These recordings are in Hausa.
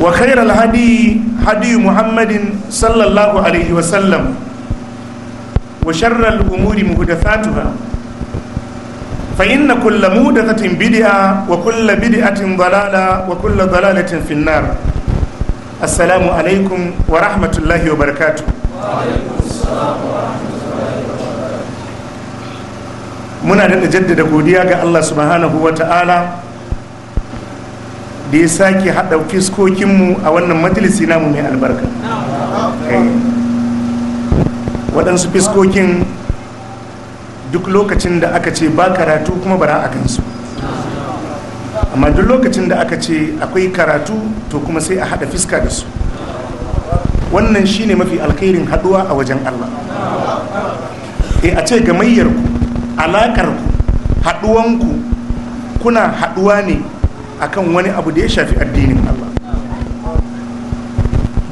وخير الهدي هدي محمد صلى الله عليه وسلم وشر الأمور محدثاتها فإن كل محدثة بدعة وكل بدعة ضلالة وكل ضلالة في النار السلام عليكم ورحمة الله وبركاته وعليكم السلام ورحمة الله وبركاته منا da jaddada godiya ga Allah subhanahu wa ta'ala da ya sake haɗa fiskokinmu a wannan majalisi namu mai albarka eh. waɗansu fiskokin duk lokacin da aka ce ba karatu kuma bara a kansu amma duk lokacin da aka ce akwai karatu to kuma sai a haɗa fiska da su wannan shine mafi alkhairin haɗuwa a wajen allah e a ce gamayyarku alaƙarku haɗuwanku kuna haɗuwa ne akan wani abu da ya shafi addinin Allah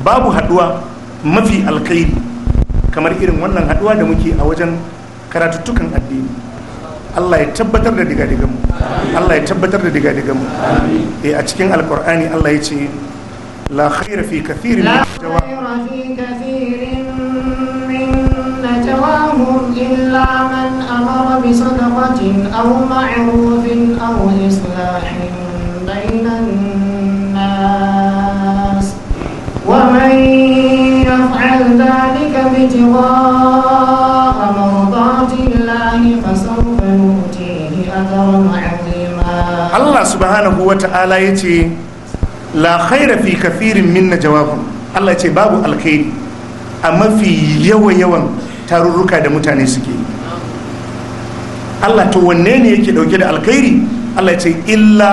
babu haduwa mafi alkhairi kamar irin wannan haduwa da muke a wajen karatuttukan addini Allah ya tabbatar da digadigan mu Allah ya tabbatar da digadigan mu eh a cikin alkur'ani Allah ya ce la khaira fi kathirin min najwahum illa man amara bi sadaqatin aw ma'rufin aw islahin allah مرضات الله فسوف نؤتيه أجرا عظيما الله سبحانه وتعالى يتي لا خير في كثير من جوابهم Allah ce babu alkhairi a mafi yawa-yawan tarurruka da mutane suke Allah to wanne ne yake dauke da alkhairi Allah ya ce illa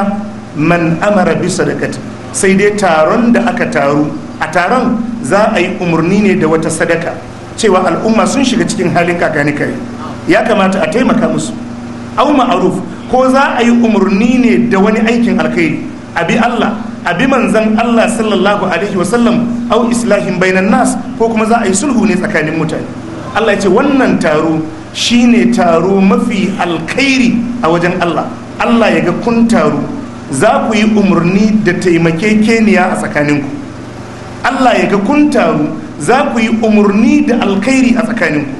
man amara bi sadakati sai dai taron da aka taru a taron za a yi umarni ne da wata sadaka cewa al'umma sun shiga cikin halin kakani kai ya kamata a taimaka musu au ma'aruf ko za a yi umarni ne da wani aikin alkhairi abi Allah abi manzan Allah sallallahu alaihi wasallam au islahin bainan nas ko kuma za a yi sulhu ne tsakanin mutane Allah ya ce wannan taro shine taro mafi alkhairi a wajen Allah Allah ya ga kun taro za ku yi umarni da taimakekeniya a tsakaninku Allah ya ga kun taru za ku yi umarni da alkhairi a tsakaninku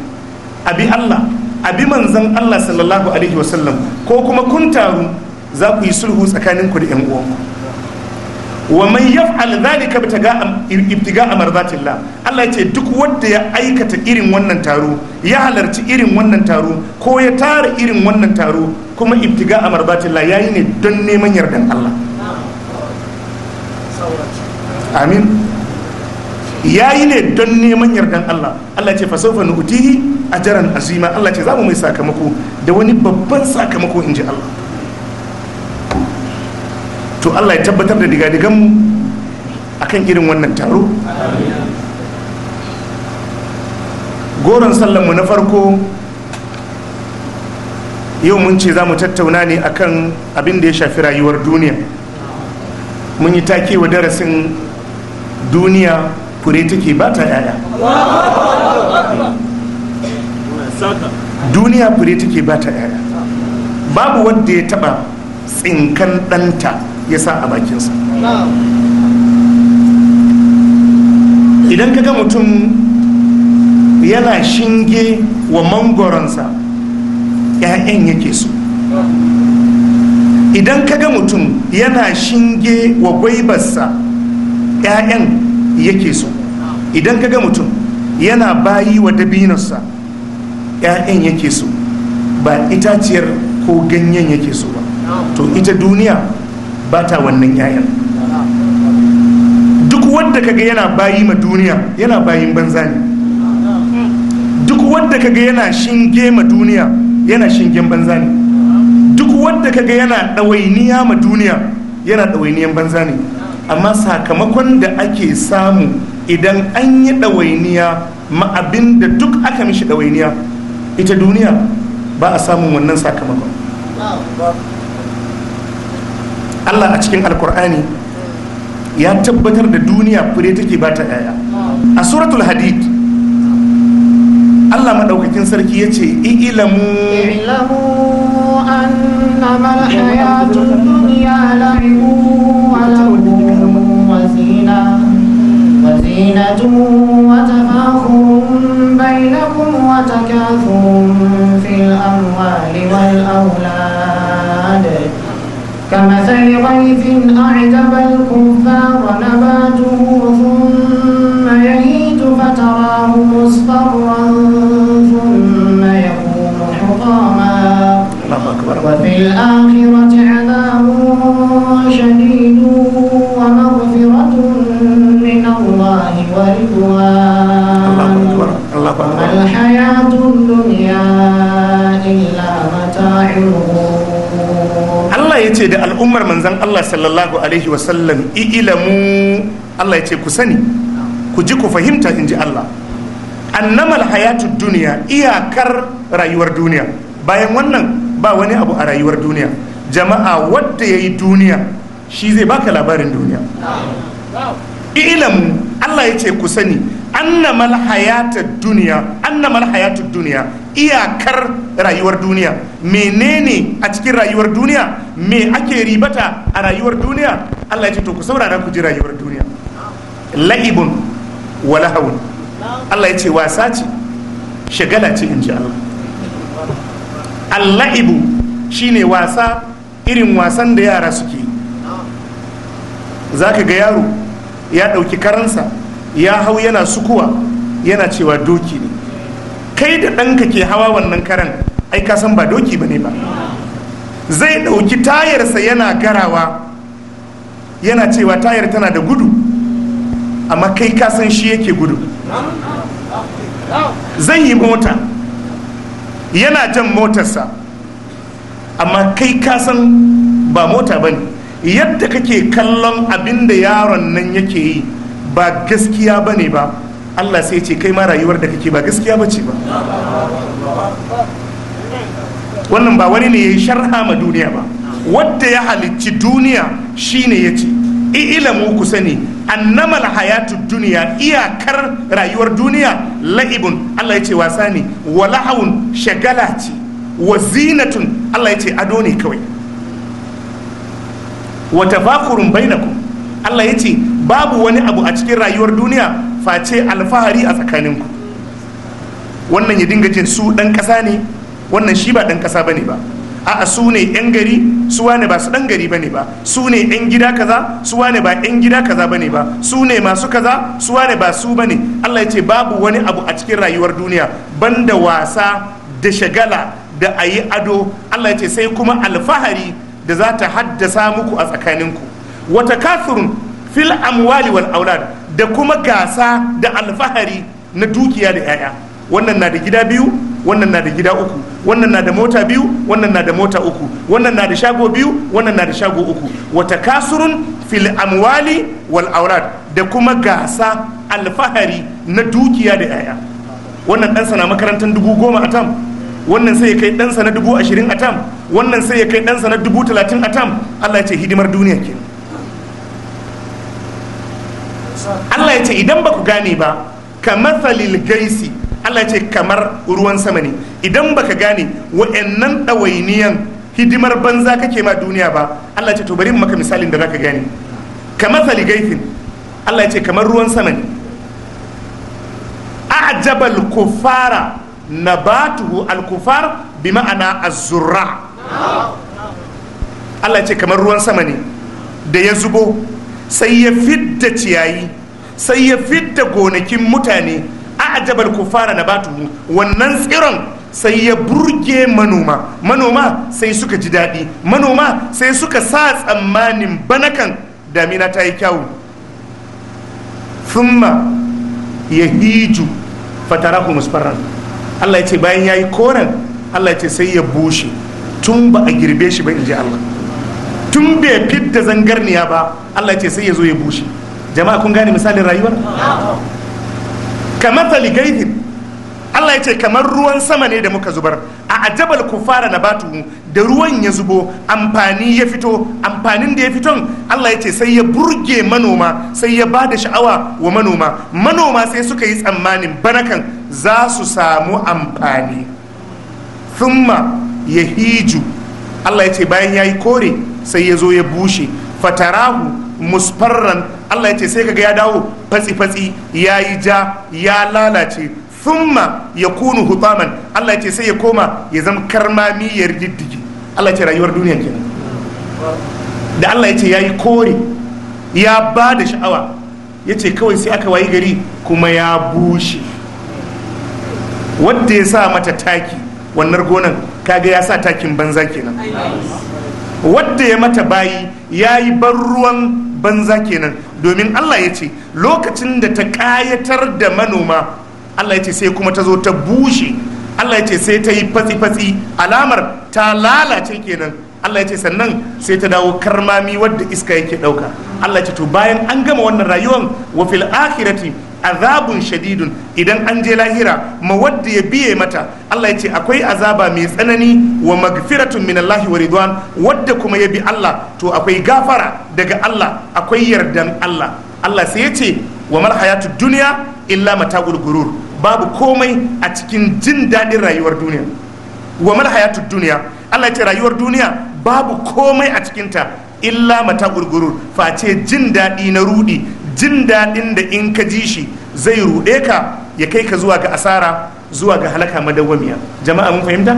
abi Allah abi manzan Allah sallallahu alaihi wasallam ko kuma kun taru za ku yi sulhu tsakaninku da 'yan uwanku wa man yaf'al dhalika ibtiga'a mardatillah Allah ce duk wanda ya aikata irin wannan taro ya halarci irin wannan taro ko ya tara irin wannan taro kuma ibtiga'a mardatillah yayi ne don neman yardan Allah amin Ya yi ne don neman yardan Allah Allah ce fa saufa nu'tihi ajran azima Allah ce zamu mai sakamako da wani babban sakamako inji Allah to Allah ya tabbatar da digadigan mu akan irin wannan taro goron mu na farko yau mun ce za mu tattauna ne akan abin da ya shafi rayuwar duniya mun yi take wa darasin duniya fure take ba ta yaya duniya fure take ba ta yaya babu wanda ya taba tsinkan ɗanta ya sa a bakinsa idan ka mutum yana shinge wa mangoronsa 'ya'yan yake so idan kaga mutum yana shinge wa gwaibarsa 'ya'yan yake so idan ka ga mutum yana bayi wa dabinarsa 'ya'yan yake so ba itaciyar ko ganyen yake so ba to ita duniya ba ta wannan 'ya'yan duk wadda kaga yana bayi ma duniya yana bayin banza ne duk wadda kaga yana shinge ma duniya yana shingen banza ne duk wadda kaga yana ɗawainiya ma duniya yana ɗawainiyan banza ne amma sakamakon da ake samu idan an yi ɗawainiya ma abin da duk aka mishi ɗawainiya ita duniya ba a samun wannan sakamakon Allah a cikin alkur'ani ya tabbatar da duniya fure take ba ta yaya a suratul hadid Allah maɗaukakin sarki ya ce ilamu annama alhayatul dunya زينة وتفاخر بينكم وتكاثر في الأموال والأولاد كمثل غيث أعجب الكفار نباته ثم يهيج فتراه مصفرا ثم يكون حطاما وفي الآخرة عذاب شديد ومغفرة ورضوان وما Allah ya ce da al'ummar manzan Allah sallallahu Alaihi wasallam ilamu Allah ya ce ku sani ku ji ku fahimta in ji Allah annamal hayatu duniya iyakar rayuwar duniya bayan wannan ba wani abu a rayuwar duniya jama'a wadda ya yi duniya shi zai baka labarin duniya ilamu Allah ya ce ku sani annamal hayatud duniya annamal hayatud duniya iyakar rayuwar duniya menene a cikin rayuwar duniya me ake ribata a rayuwar duniya Allah ya ce to ku saurara ku ji rayuwar duniya la'ibun wa lahawun Allah ya ce wasa ce shagala ce in ji Allah al-la'ibu shine wasa irin wasan da yara suke Za ka ga yaro ya ɗauki karansa ya hau yana sukuwa yana cewa doki ne kai da ɗanka ke hawa wannan karan ai ka san ba doki ba ne ba zai ɗauki tayarsa yana garawa yana cewa tayar tana da gudu amma kai ka shi yake gudu zai yi mota yana jan motarsa amma kai kasan ba mota ba ne yadda kake kallon abin da yaron nan yake yi ba gaskiya ba ne ba allah sai ce kai ma rayuwar da kake ba gaskiya ba ce ba wannan ba wani ne ya yi sharha ma duniya ba wadda ya halicci duniya shine ya ce ilamu ku sani annamal hayatu duniya iyakar rayuwar duniya la'ibun Allah ya ce wasa ne wa shagala ce wa zinatun Allah ya ce ado ne kawai wa tafakurun bainakum Allah yace babu wani abu a cikin rayuwar duniya face alfahari a tsakaninku wannan ya dinga jin su dan kasa ne wannan shi ba dan kasa bane ba a'a su ne yan gari su wane ba su dan gari bane ba su ne yan gida kaza su wane ba yan gida kaza bane ba su ne masu kaza su wane ba su bane Allah ya ce babu wani abu a cikin rayuwar duniya banda wasa da shagala da ayi ado Allah ya ce sai kuma alfahari da za ta haddasa muku a tsakaninku wata kafirun fil amwali wal aulad da kuma gasa da alfahari na dukiya da 'ya'ya wannan na da gida biyu wannan na da gida uku wannan na da mota biyu wannan na da mota uku wannan na da shago biyu wannan na da shago uku wata kasurun fil amwali wal aulad da kuma gasa alfahari na dukiya da 'ya'ya wannan ɗansa na makarantar dubu goma a tam wannan sai ya kai ɗansa na dubu ashirin a tam wannan sai ya kai ɗansa na dubu talatin a tam allah ya ce hidimar duniya ke allah ya ce idan ba ku gane ba kamar falil gaisi allah ya ce kamar ruwan sama ne idan ka gane wa'annan ɗawainiyan hidimar banza kake ma duniya ba allah ya ce to bari maka misalin da zaka gane kamar falil gaisi allah ya ce kamar ruwan sama ne a'jabal kufara nabatuhu al-kufar bi ma'ana az-zurra Allah ce kamar ruwan sama ne da ya zubo sai ya fidda ciyayi sai ya fidda gonakin mutane a ajabar kufara na batuhu wannan tsiron sai ya burge manoma manoma sai suka ji daɗi manoma sai suka sa tsammanin banakan damina ta yi kyawu thumma ya hiju fatarahu musfarran Allah ya ce bayan ya yi koren Allah ya ce sai ya bushe tun ba a girbe shi ba in ji Allah tun bai fidda zangarniya ba Allah ce sai ya zo ya bushe jama'a kun gane misalin rayuwar kamar taligaithin Allah ya ce kamar ruwan sama ne da muka zubar a ajabal kufara na batu da ruwan ya zubo amfani ya fito amfanin da ya fiton Allah ya ce sai ya burge manoma sai ya ba da sha'awa wa manoma manoma sai suka yi tsammanin banakan za su samu amfani thumma ya hiju Allah ya ce bayan ya yi kore sai ya zo ya bushe fatarahu musfarran Allah ya ce sai kaga ya dawo fatsi-fatsi ya yi ja ya lalace thumma ya kunu hutaman Allah ya ce sai ya koma ya zama karmami ya riddigi Allah ya ce rayuwar duniya kenan da Allah ya ce ya yi kore ya ba da sha'awa ya ce kawai sai aka wayi gari kuma ya bushe wadda ya sa mata taki wannan gonan kaga ya sa takin banza kenan wadda ya mata bayi ya yi ban ruwan banza kenan domin allah ya ce lokacin da ta ƙayatar da manoma allah ya ce sai kuma ta zo ta bushe allah ya ce sai ta yi fatsi-fatsi alamar ta lalace kenan allah ya ce sannan sai ta dawo karmami wadda iska yake ɗauka allah ya ce to bayan an gama wannan rayuwan wa fil akhirati azabun shadidun idan an je lahira wadda ya biye mata Allah ya ce akwai azaba mai tsanani wa magfiratun min Allah wa ridwan wadda kuma ya bi Allah to akwai gafara daga Allah akwai yardan Allah Allah sai ya ce wa mal hayatud dunya illa mata'ul gurur babu komai a cikin jin daɗin rayuwar duniya wa mal hayatud dunya Allah ya ce rayuwar duniya babu komai a cikinta illa mata gurgurur face jin daɗi na rudi jin daɗin da in ka ji shi zai ruɗe ka ya kai ka zuwa ga asara zuwa ga halaka madawwamiya jama'a mun fahimta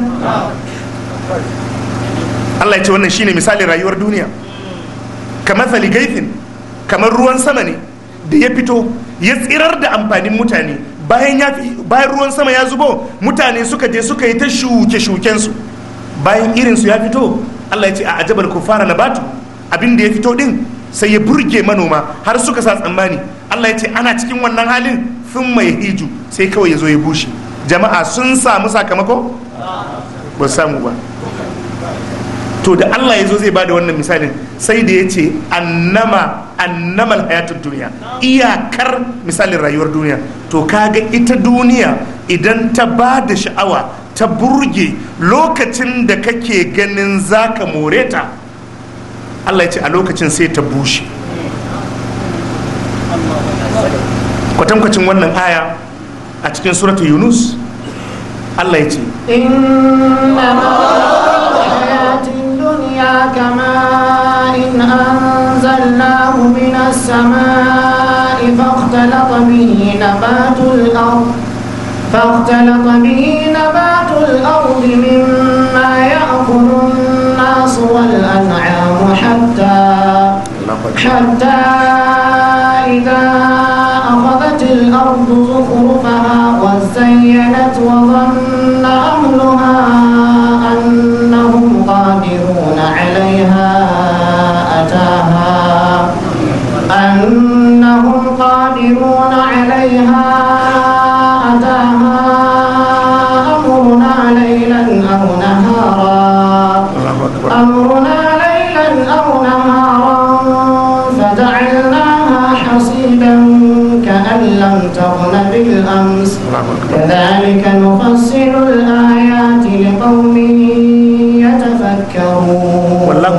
Allah ya ce wannan shine misalin rayuwar duniya kamar gaifin kamar ruwan sama ne da ya fito ya tsirar da amfanin mutane bayan ruwan sama ya zubo mutane suka je suka yi ta shuke-shukensu bayan irinsu ya fito Allah ya ce a ajabar kufara na batu abin da ya fito din sai ya burge manoma har suka sa tsammani Allah ya ce ana cikin wannan halin sun mai hiju sai kawai ya zo ya bushe jama'a sun samu sakamako ba samu ba to da Allah ya zo zai bada wannan misalin sai da ya ce annama annamal hayatun duniya iyakar misalin rayuwar duniya to kaga ita duniya idan ta ba da sha'awa ta burge lokacin da kake ganin za ka more ta Allah ya ce a lokacin sai ta bushe kwatankwacin wannan aya a cikin suratu yunus Allah ya ce inna أنزلناه duniya السماء فاختلط به نبات الأرض مما يأكل الناس والأنعام Come down.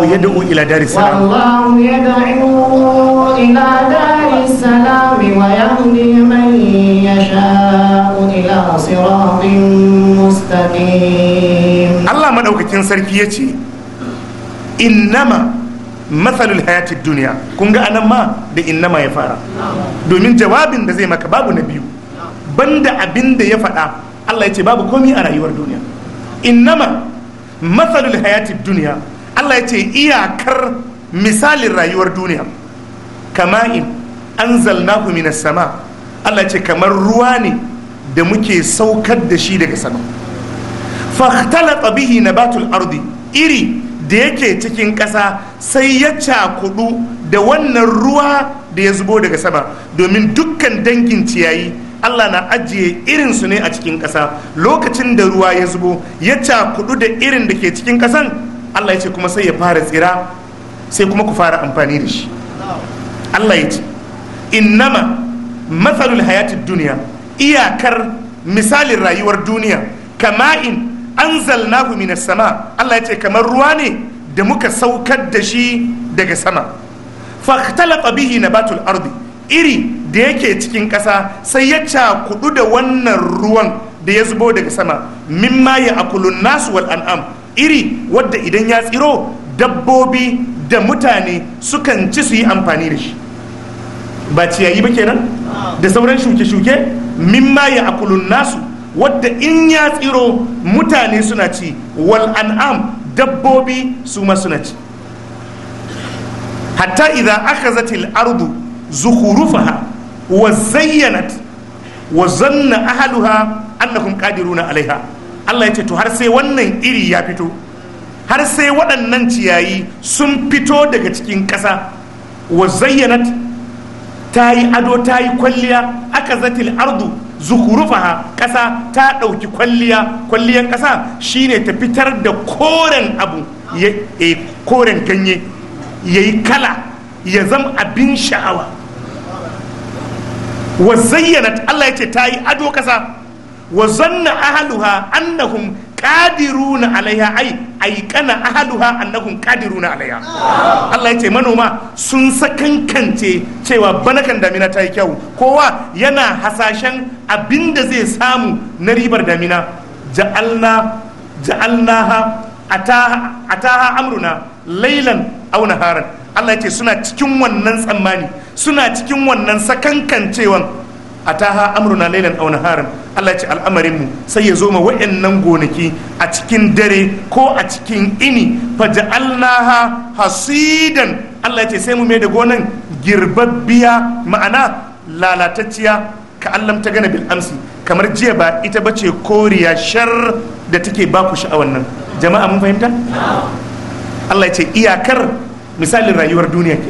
yad'u ila daris salam wallahu yad'u ila dari salam wa yahdi man yasha'u ila siratin mustaqim Allah madaukakin sarki yace innama matsalul hayatid duniya kun ga anan ma da innama ya fara domin jawabin da zai maka babu nabiyu. banda abin da ya faɗa Allah ya ce babu komi a rayuwar duniya innama matsalul hayati duniya Allah ya ce iyakar misalin rayuwar duniya kama'in anzalnahu mina sama Allah ya ce kamar ruwa ne da muke saukar da shi daga sama fahtalata na nabatul ardi iri da yake cikin ƙasa sai ya cakudu da wannan ruwa da ya zubo daga sama domin dukkan dangin ciyayi Allah na ajiye irinsu ne a cikin ƙasa lokacin da ruwa ya zubo ya cakudu da irin da ke cikin ƙasan Allah ya ce kuma sai ya fara tsira sai kuma ku fara amfani da shi Allah ya ce innama matsalul hayatid duniya iyakar misalin rayuwar duniya kama'in zalna minas sama Allah ya ce kamar ruwa ne da muka saukar da shi daga sama fahtalaqa bihi batul ardi iri da yake cikin ƙasa sai ya cakudu da wannan ruwan da ya zubo daga sama mimma ya akulun nasu wal an'am iri wadda idan ya tsiro dabbobi da mutane sukan ci su yi amfani da shi ba ciyayi ba kenan da sauran shuke-shuke mimma ya akulun nasu wadda in ya tsiro mutane suna ci wal an'am dabbobi su ma suna ci hatta idan aka zatil ardu zuhurufaha wa zayyanat wa zanna ahaluha annakum qadiruna alaiha Allah ya ce to har sai wannan iri ya fito har sai waɗannan ciyayi sun fito daga cikin ƙasa wa zayyanat ta yi ado ta yi kwalliya aka zatil ardu zukurufaha ƙasa ta ɗauki kwalliya kwalliyan ƙasa shine ta fitar da koren abu ya e, koren ganye ya yi kala ya zama abin sha'awa wa zayyanat Allah ya ce ta yi ado ƙasa Wazanna zanna ahaluha annahum qadiruna alaiha ai aikana ahaluha annahum qadiruna alaiha Allah yace manoma sun sakankance cewa banakan damina ta yi kyau kowa yana hasashen abinda zai samu na ribar damina ja'alna ja'alnaha ataha ataha amruna lailan aw naharan Allah yace suna cikin wannan tsammani suna cikin wannan sakankancewan A ta ha amruna lailan aw harin. Allah ya ce al'amarin mu sai ya zo ma wayannan gonaki a cikin dare ko a cikin ini ha hasidan Allah ya ce sai mu mai da gonan girbabbiya ma'ana lalatacciya ka allam ta gana bil amsi kamar jiya ba ita bace koriya shar da take ku sha'awan nan jama'a mun fahimta Allah ya ce iyakar misalin rayuwar duniya ke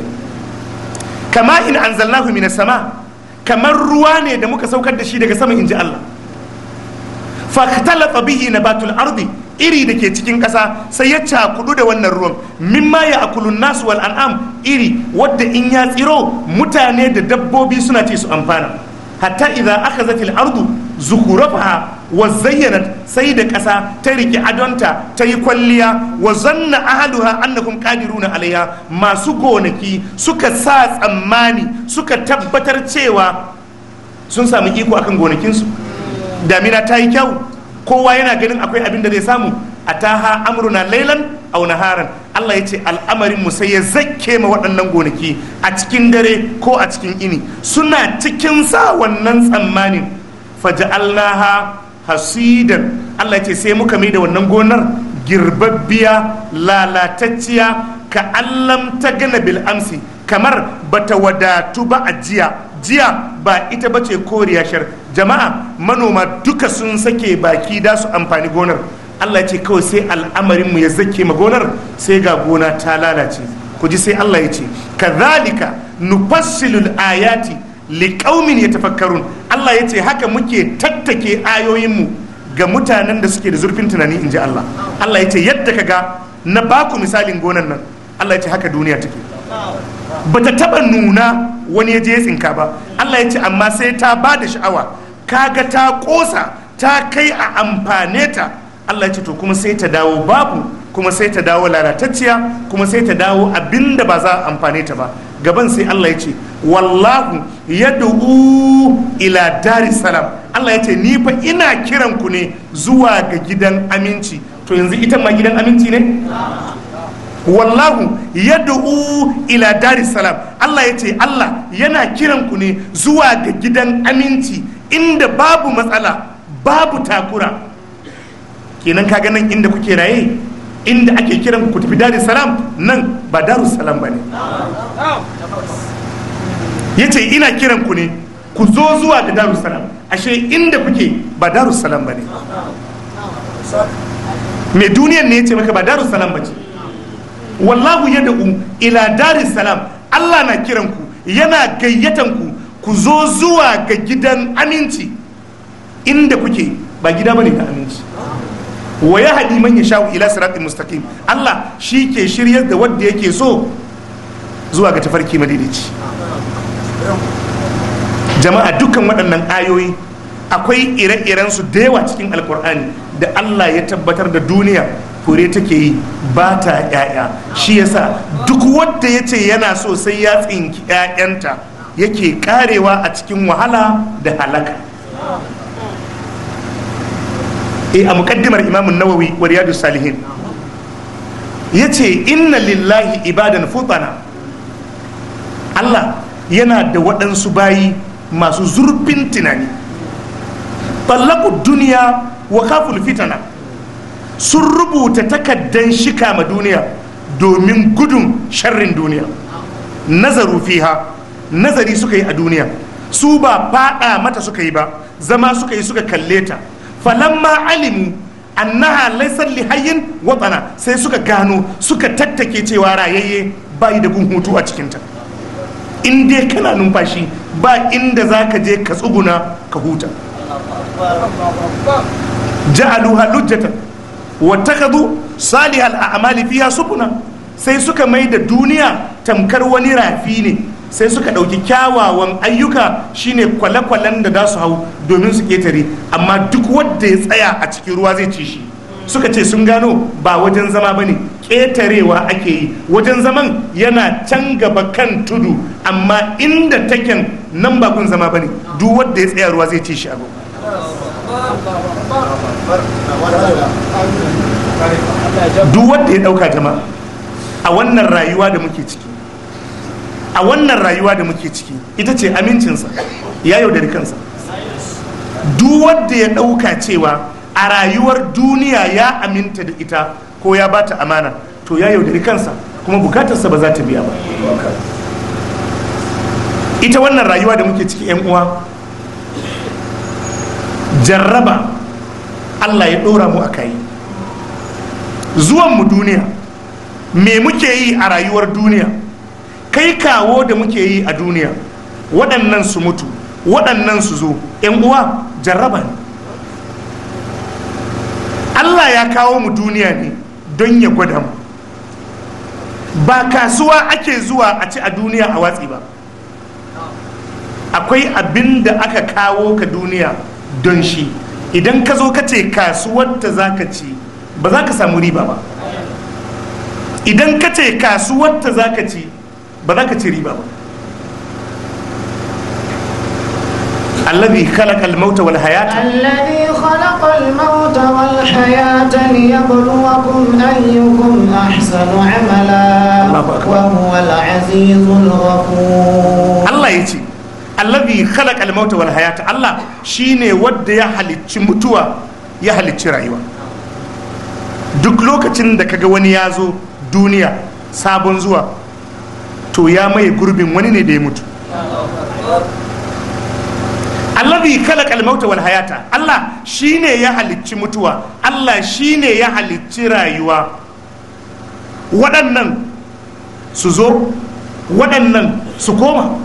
kama in anzalnahu minas sama kamar ruwa ne da muka saukar da shi daga sama inji Allah faktalafa bihi nabatul ardi iri da ke cikin ƙasa sai ya cakudu da wannan ruwan mimma ya akulun nasu wal an'am iri wadda in ya tsiro mutane da dabbobi suna ce su amfana hatta idza akhazatil ardu zukurafa wa zayyana sai da ƙasa ta riƙe adonta ta yi kwalliya wa zanna ahaduha annakum qadiruna Alayya masu gonaki suka sa tsammani suka tabbatar cewa sun samu iko akan gonakinsu damina ta yi kyau kowa yana ganin akwai abin da zai samu a taha amruna lailan au haran. Allah ya ce al'amarin mu sai ya zakke ma waɗannan gonaki a cikin dare ko a cikin ini suna cikin sa wannan tsammanin faja'allaha hasidan Allah ce sai muka mai da wannan gonar girbabbiya lalatacciya ka allam ta gana bil amsi kamar bata wadatu ba a jiya jiya ba ita bace koriya shar jama'a manoma duka sun sake baki da su amfani gonar Allah ce kawai sai al'amarin mu ya zake ma gonar sai ga gona ta lalace ku ji sai Allah ya ce kadhalika nufassilul ayati liƙaumin ya tafakkarun Allah ya ce haka muke tattake ayoyinmu ga mutanen da suke da zurfin tunani in ji Allah Allah ya ce yadda ka ga na baku misalin gonan nan Allah ya ce haka duniya take ba ta taɓa nuna wani ya je ya tsinka ba Allah ya ce amma sai ta ba da sha'awa kaga ta ƙosa ta kai a amfane ta Allah ya ce to kuma sai ta dawo babu kuma sai ta dawo lalatacciya kuma sai ta dawo abinda ba za a amfane ta ba gaban sai Allah ya ce wallahu ya ila dari salam Allah ya ce ni fa ina kiran ku ne zuwa ga gidan aminci to yanzu ita ma gidan aminci ne wallahu yad'u ila dari salam Allah ya ce Allah yana kiran ku ne zuwa ga gidan aminci inda babu matsala babu takura kenan ka nan inda kuke raye inda ake kiran ku tafi darus salam nan ba daru salam ba ne ya ce ina kiran ku ne ku zo zuwa da daru salam ashe inda kuke ba daru salam ba ne mai duniyar ne ya ce maka ba daru salam ba ce wallahu ya da'u ila dari salam allah na kiran ku yana gayyatan ku ku zo zuwa ga gidan aminci inda kuke ba gida bane ga aminci wa ya haɗi man ya sha'u ila siratin mustaqim Allah shi ke shiryar da wanda yake so zuwa ga tafarki madidici jama'a dukkan waɗannan ayoyi akwai ire-iren su da yawa cikin alkur'ani da Allah ya tabbatar da duniya kure take yi ba ta 'ya'ya shi yasa duk wanda ya ce yana so sai ya tsinki 'ya'yanta yake karewa a cikin wahala da halaka Eh, a muqaddimar imamun nawawi wa riyadu Salihin ce inna lillahi ibadan futana Allah yana da waɗansu bayi masu zurfin tunani tallaku duniya wa kaful fitana sun rubuta takaddan shika ma duniya domin gudun sharrin duniya nazaru fiha nazari suka yi a duniya su ba faɗa mata suka yi ba zama suka yi suka kalle ta falamma alimu annaha laysat li watsana sai suka gano suka tattake cewa rayayye bai da gun hutu a cikinta in dai kana numfashi ba inda za ka je ka tsuguna ka huta ja'aluha lujjatan wattakhadhu salihal a'mali fiha subuna sai suka mai da duniya tamkar wani rafi ne sai suka ɗauki kyawawan ayyuka shine kwale-kwalen da za su hau domin su ƙetare amma duk wanda ya tsaya a cikin ruwa zai ci shi suka ce sun gano ba wajen zama ba ne ƙetarewa ake yi wajen zaman yana can gaba kan tudu amma inda taken nan ba zama ba ne duk wanda ya tsaya ruwa zai ci shi abu duk wanda ya ɗauka jama a wannan rayuwa da muke ciki a wannan rayuwa da muke ciki ita ce amincinsa ya yaudari kansa duk wanda ya ɗauka cewa a rayuwar duniya ya aminta da ita ko ya bata amana to ya yaudari kansa kuma bukatarsa ba za ta biya ba ita wannan rayuwa da muke ciki yan uwa jarraba allah ya ɗora mu a kai zuwan mu duniya me muke yi a rayuwar duniya kai kawo da muke yi a duniya waɗannan su mutu waɗannan su zo yan uwa jarraba ne allah ya kawo mu duniya ne don ya gwada mu ba kasuwa ake zuwa a ci a duniya a watsi ba akwai abin da aka kawo ka duniya don shi idan ka zo ka ce kasuwar ta za ka ci ba za ka samu riba ba idan ka ce kasuwar ta za ka ci ba za ka ce riba ba allazi khalaqa al-mauta wal hayata allazi khalaqa al-mauta wal hayata liyabluwakum ayyukum ahsanu amala wa huwa al-azizul ghafur Allah yace ne khalaqa al-mauta wal hayata Allah shine wanda ya halicci mutuwa ya halicci rayuwa duk lokacin da kaga wani yazo duniya sabon zuwa to ya maye gurbin wani ne da ya mutu allazi kala kalmauta wal hayata Allah shine ya halicci mutuwa Allah shine ya halicci rayuwa waɗannan su zo waɗannan su koma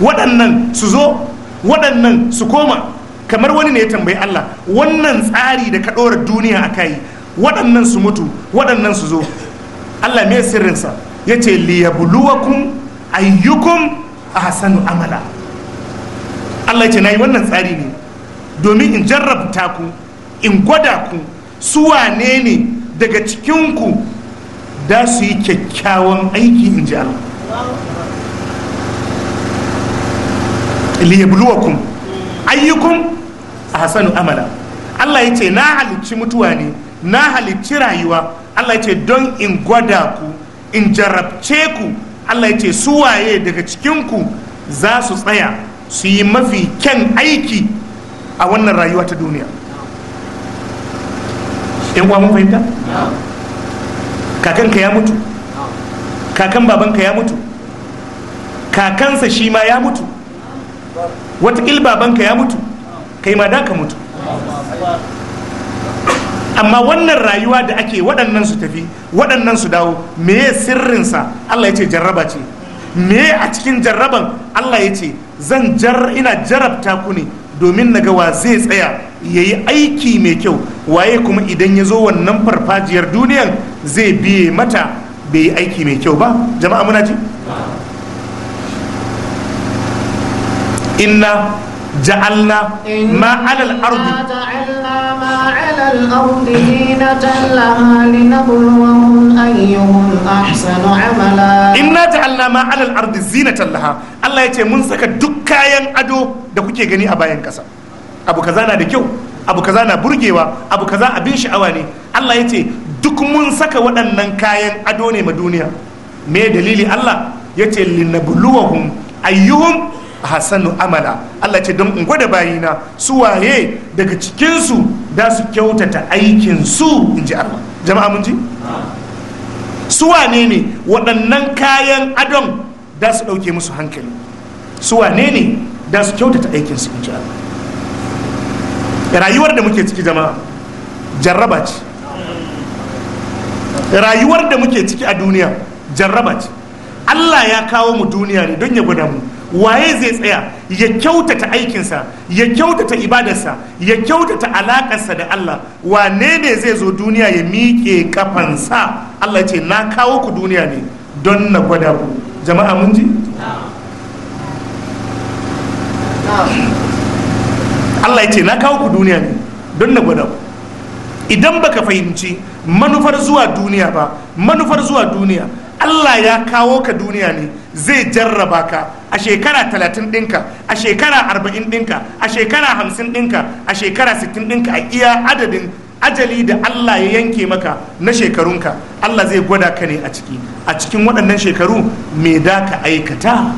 waɗannan su zo waɗannan su koma kamar wani ne ya tambayi Allah wannan tsari da ka ɗora duniya a kai waɗannan su mutu waɗannan su zo Allah me sirrinsa ya ce liyabluwakum ayyukum ahsanu amala Allah ce nayi wannan tsari ne domin in jarrabta ku in gwada ku su wane ne daga cikinku da su yi kyakkyawan aiki in ji Allah liyabluwakum ayyukum ahsanu amala Allah ya ce na halicci mutuwa ne na halicci rayuwa Allah ya ce don in gwada ku in jarabce ku Allah ya ce waye daga cikinku za su tsaya su yi mafi kyan aiki a wannan rayuwa ta duniya in mun fahimta? kakanka ya mutu kakan babanka ya mutu kakansa shi ma ya mutu wata babanka ya mutu kai ma da ka mutu amma wannan rayuwa da ake waɗannan su tafi waɗannan su dawo meye sirrinsa Allah ya ce jarraba ce me a cikin jarraban Allah ya ce zan jar ina jarabta ku ne domin na ga zai tsaya ya yi aiki mai kyau waye kuma idan ya zo wannan farfajiyar duniyan zai biye mata bai yi aiki mai kyau ba jama'a muna ji inna ja'alna ma 'ala al-ardi ma inna ja'alna ma 'ala al-ardi zina tallaha Allah yace mun saka duk kayan ado da kuke gani a bayan kasa abu ka na da kyau abu ka na burgewa abu kaza abin sha'awa ne Allah yace duk mun saka waɗannan kayan ado ne ma duniya me dalili Allah yace linabluwahum ayyuhun hasanu amala Allah ce don in gwada bayina su waye daga cikinsu da su kyautata aikinsu in ji Allah jama'a mun ji su wane ne waɗannan kayan adon da su ɗauke musu hankali su wane ne da su kyautata aikinsu in ji Allah rayuwar da muke ciki jama'a jarraba ce rayuwar da muke ciki a duniya jarraba ce Allah ya kawo mu duniya ne don ya gwada mu waye zai tsaya ya kyautata aikinsa ya kyautata ibadarsa ya kyautata alakarsa da Allah wane ne zai zo duniya ya miƙe kafansa Allah ce na kawo ku duniya ne don na gwada ku jama'a mun ji Allah ce na kawo ku duniya ne don na gwada ku idan baka fahimci manufar zuwa duniya ba manufar zuwa duniya Allah ya kawo ka duniya ne zai jarraba ka a shekara talatin ɗinka a shekara arba'in ɗinka a shekara hamsin ɗinka a shekara sittin ɗinka a iya adadin ajali da Allah ya yanke maka na shekarunka Allah zai gwada ka ne a ciki a cikin waɗannan shekaru me da ka aikata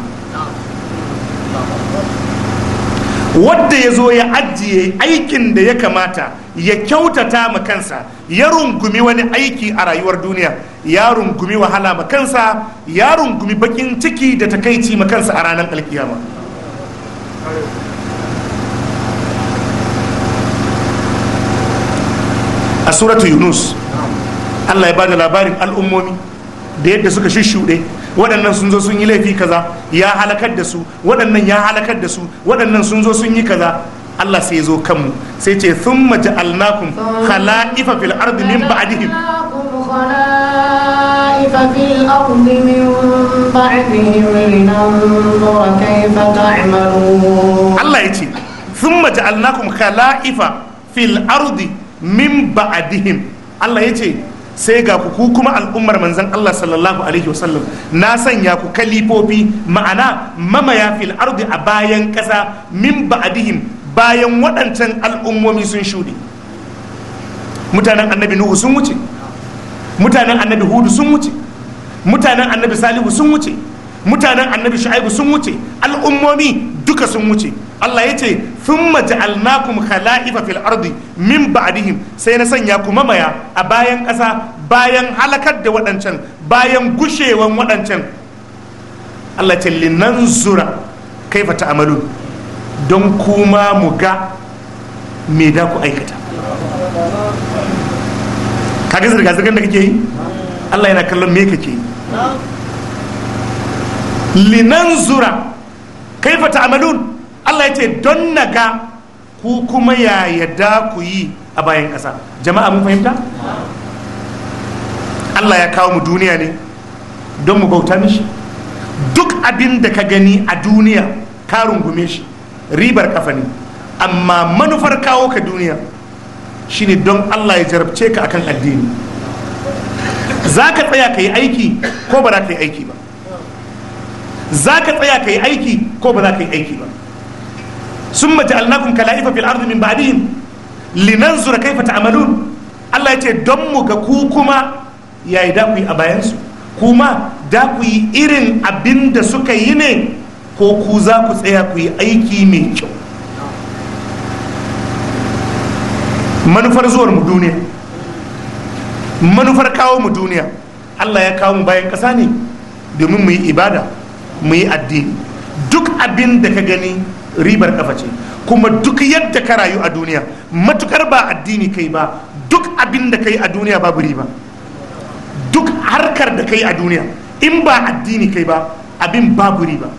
wadda ya zo ya ajiye aikin da ya kamata ya kyautata ma kansa ya rungumi wani aiki a rayuwar duniya ya rungumi wahala ma kansa ya rungumi bakin ciki da takaici ma kansa a ranar alkiyama a suratu yunus allah ya bada labarin al'ummomi da yadda suka shishuɗe waɗannan sun zo sun yi laifi kaza ya halakar da su waɗannan ya halakar da su waɗannan sun zo sun yi kaza Allah sai zo kanmu sai ce thumma ja'alnakum khala'ifa fil ardi min ba'dihim خلائف في الأرض من بعدهم لننظر كيف تعملون الله يتي ثم جعلناكم خلائف في الأرض من بعدهم الله sai ga ku kuma al'ummar manzan Allah sallallahu alaihi wasallam na sanya ku kalifofi ma'ana mamaya fil ardi a bayan ƙasa min ba'dihim bayan waɗancan al'ummomi sun shuɗe mutanen annabi nuhu sun wuce mutanen annabi hudu sun wuce mutanen annabi salihu sun wuce mutanen annabi shu'aibu sun wuce al'ummomi duka sun wuce Allah ya ce thumma ja'alnakum khala'ifa fil ardi min ba'dihim sai na sanya kuma maya a bayan ƙasa bayan halakar da waɗancan bayan gushewan waɗancan Allah ce linanzura kaifa ta'malun don kuma mu ga me da ku aikata kaga zirga zirgan da kake yi allah yana kallon me kake yi linan zura kai fata amalun allah ya ce don na ga ku kuma ya yadda ku yi a bayan ƙasa jama'a mun fahimta allah ya kawo mu duniya ne don mu bauta mishi duk abin da ka gani a duniya ka rungume shi ribar kafa ne amma manufar kawo ka duniya shine don allah ya jarabce ka akan addini za ka tsaya ka yi aiki ko ba za ka yi aiki ba za ka tsaya ka yi aiki ko ba za ka yi aiki ba sun maji alnakun kala'ifa fil ardu min ba'dihim kai fata amalun allah ya ce don mu ga ku kuma yayi da ku yi a bayansu kuma da ku yi irin abinda da suka yi ne ko ku za ku tsaya ku yi aiki mai kyau manufar zuwar mu duniya manufar kawo mu duniya allah ya kawo mu bayan ƙasa ne domin mu yi ibada mu yi addini duk abin da ka gani ribar kafa ce kuma duk yadda ka rayu a duniya matukar ba addini kai ba duk abin da kai a duniya babu riba duk harkar da kai a duniya in ba addini kai ba abin babu riba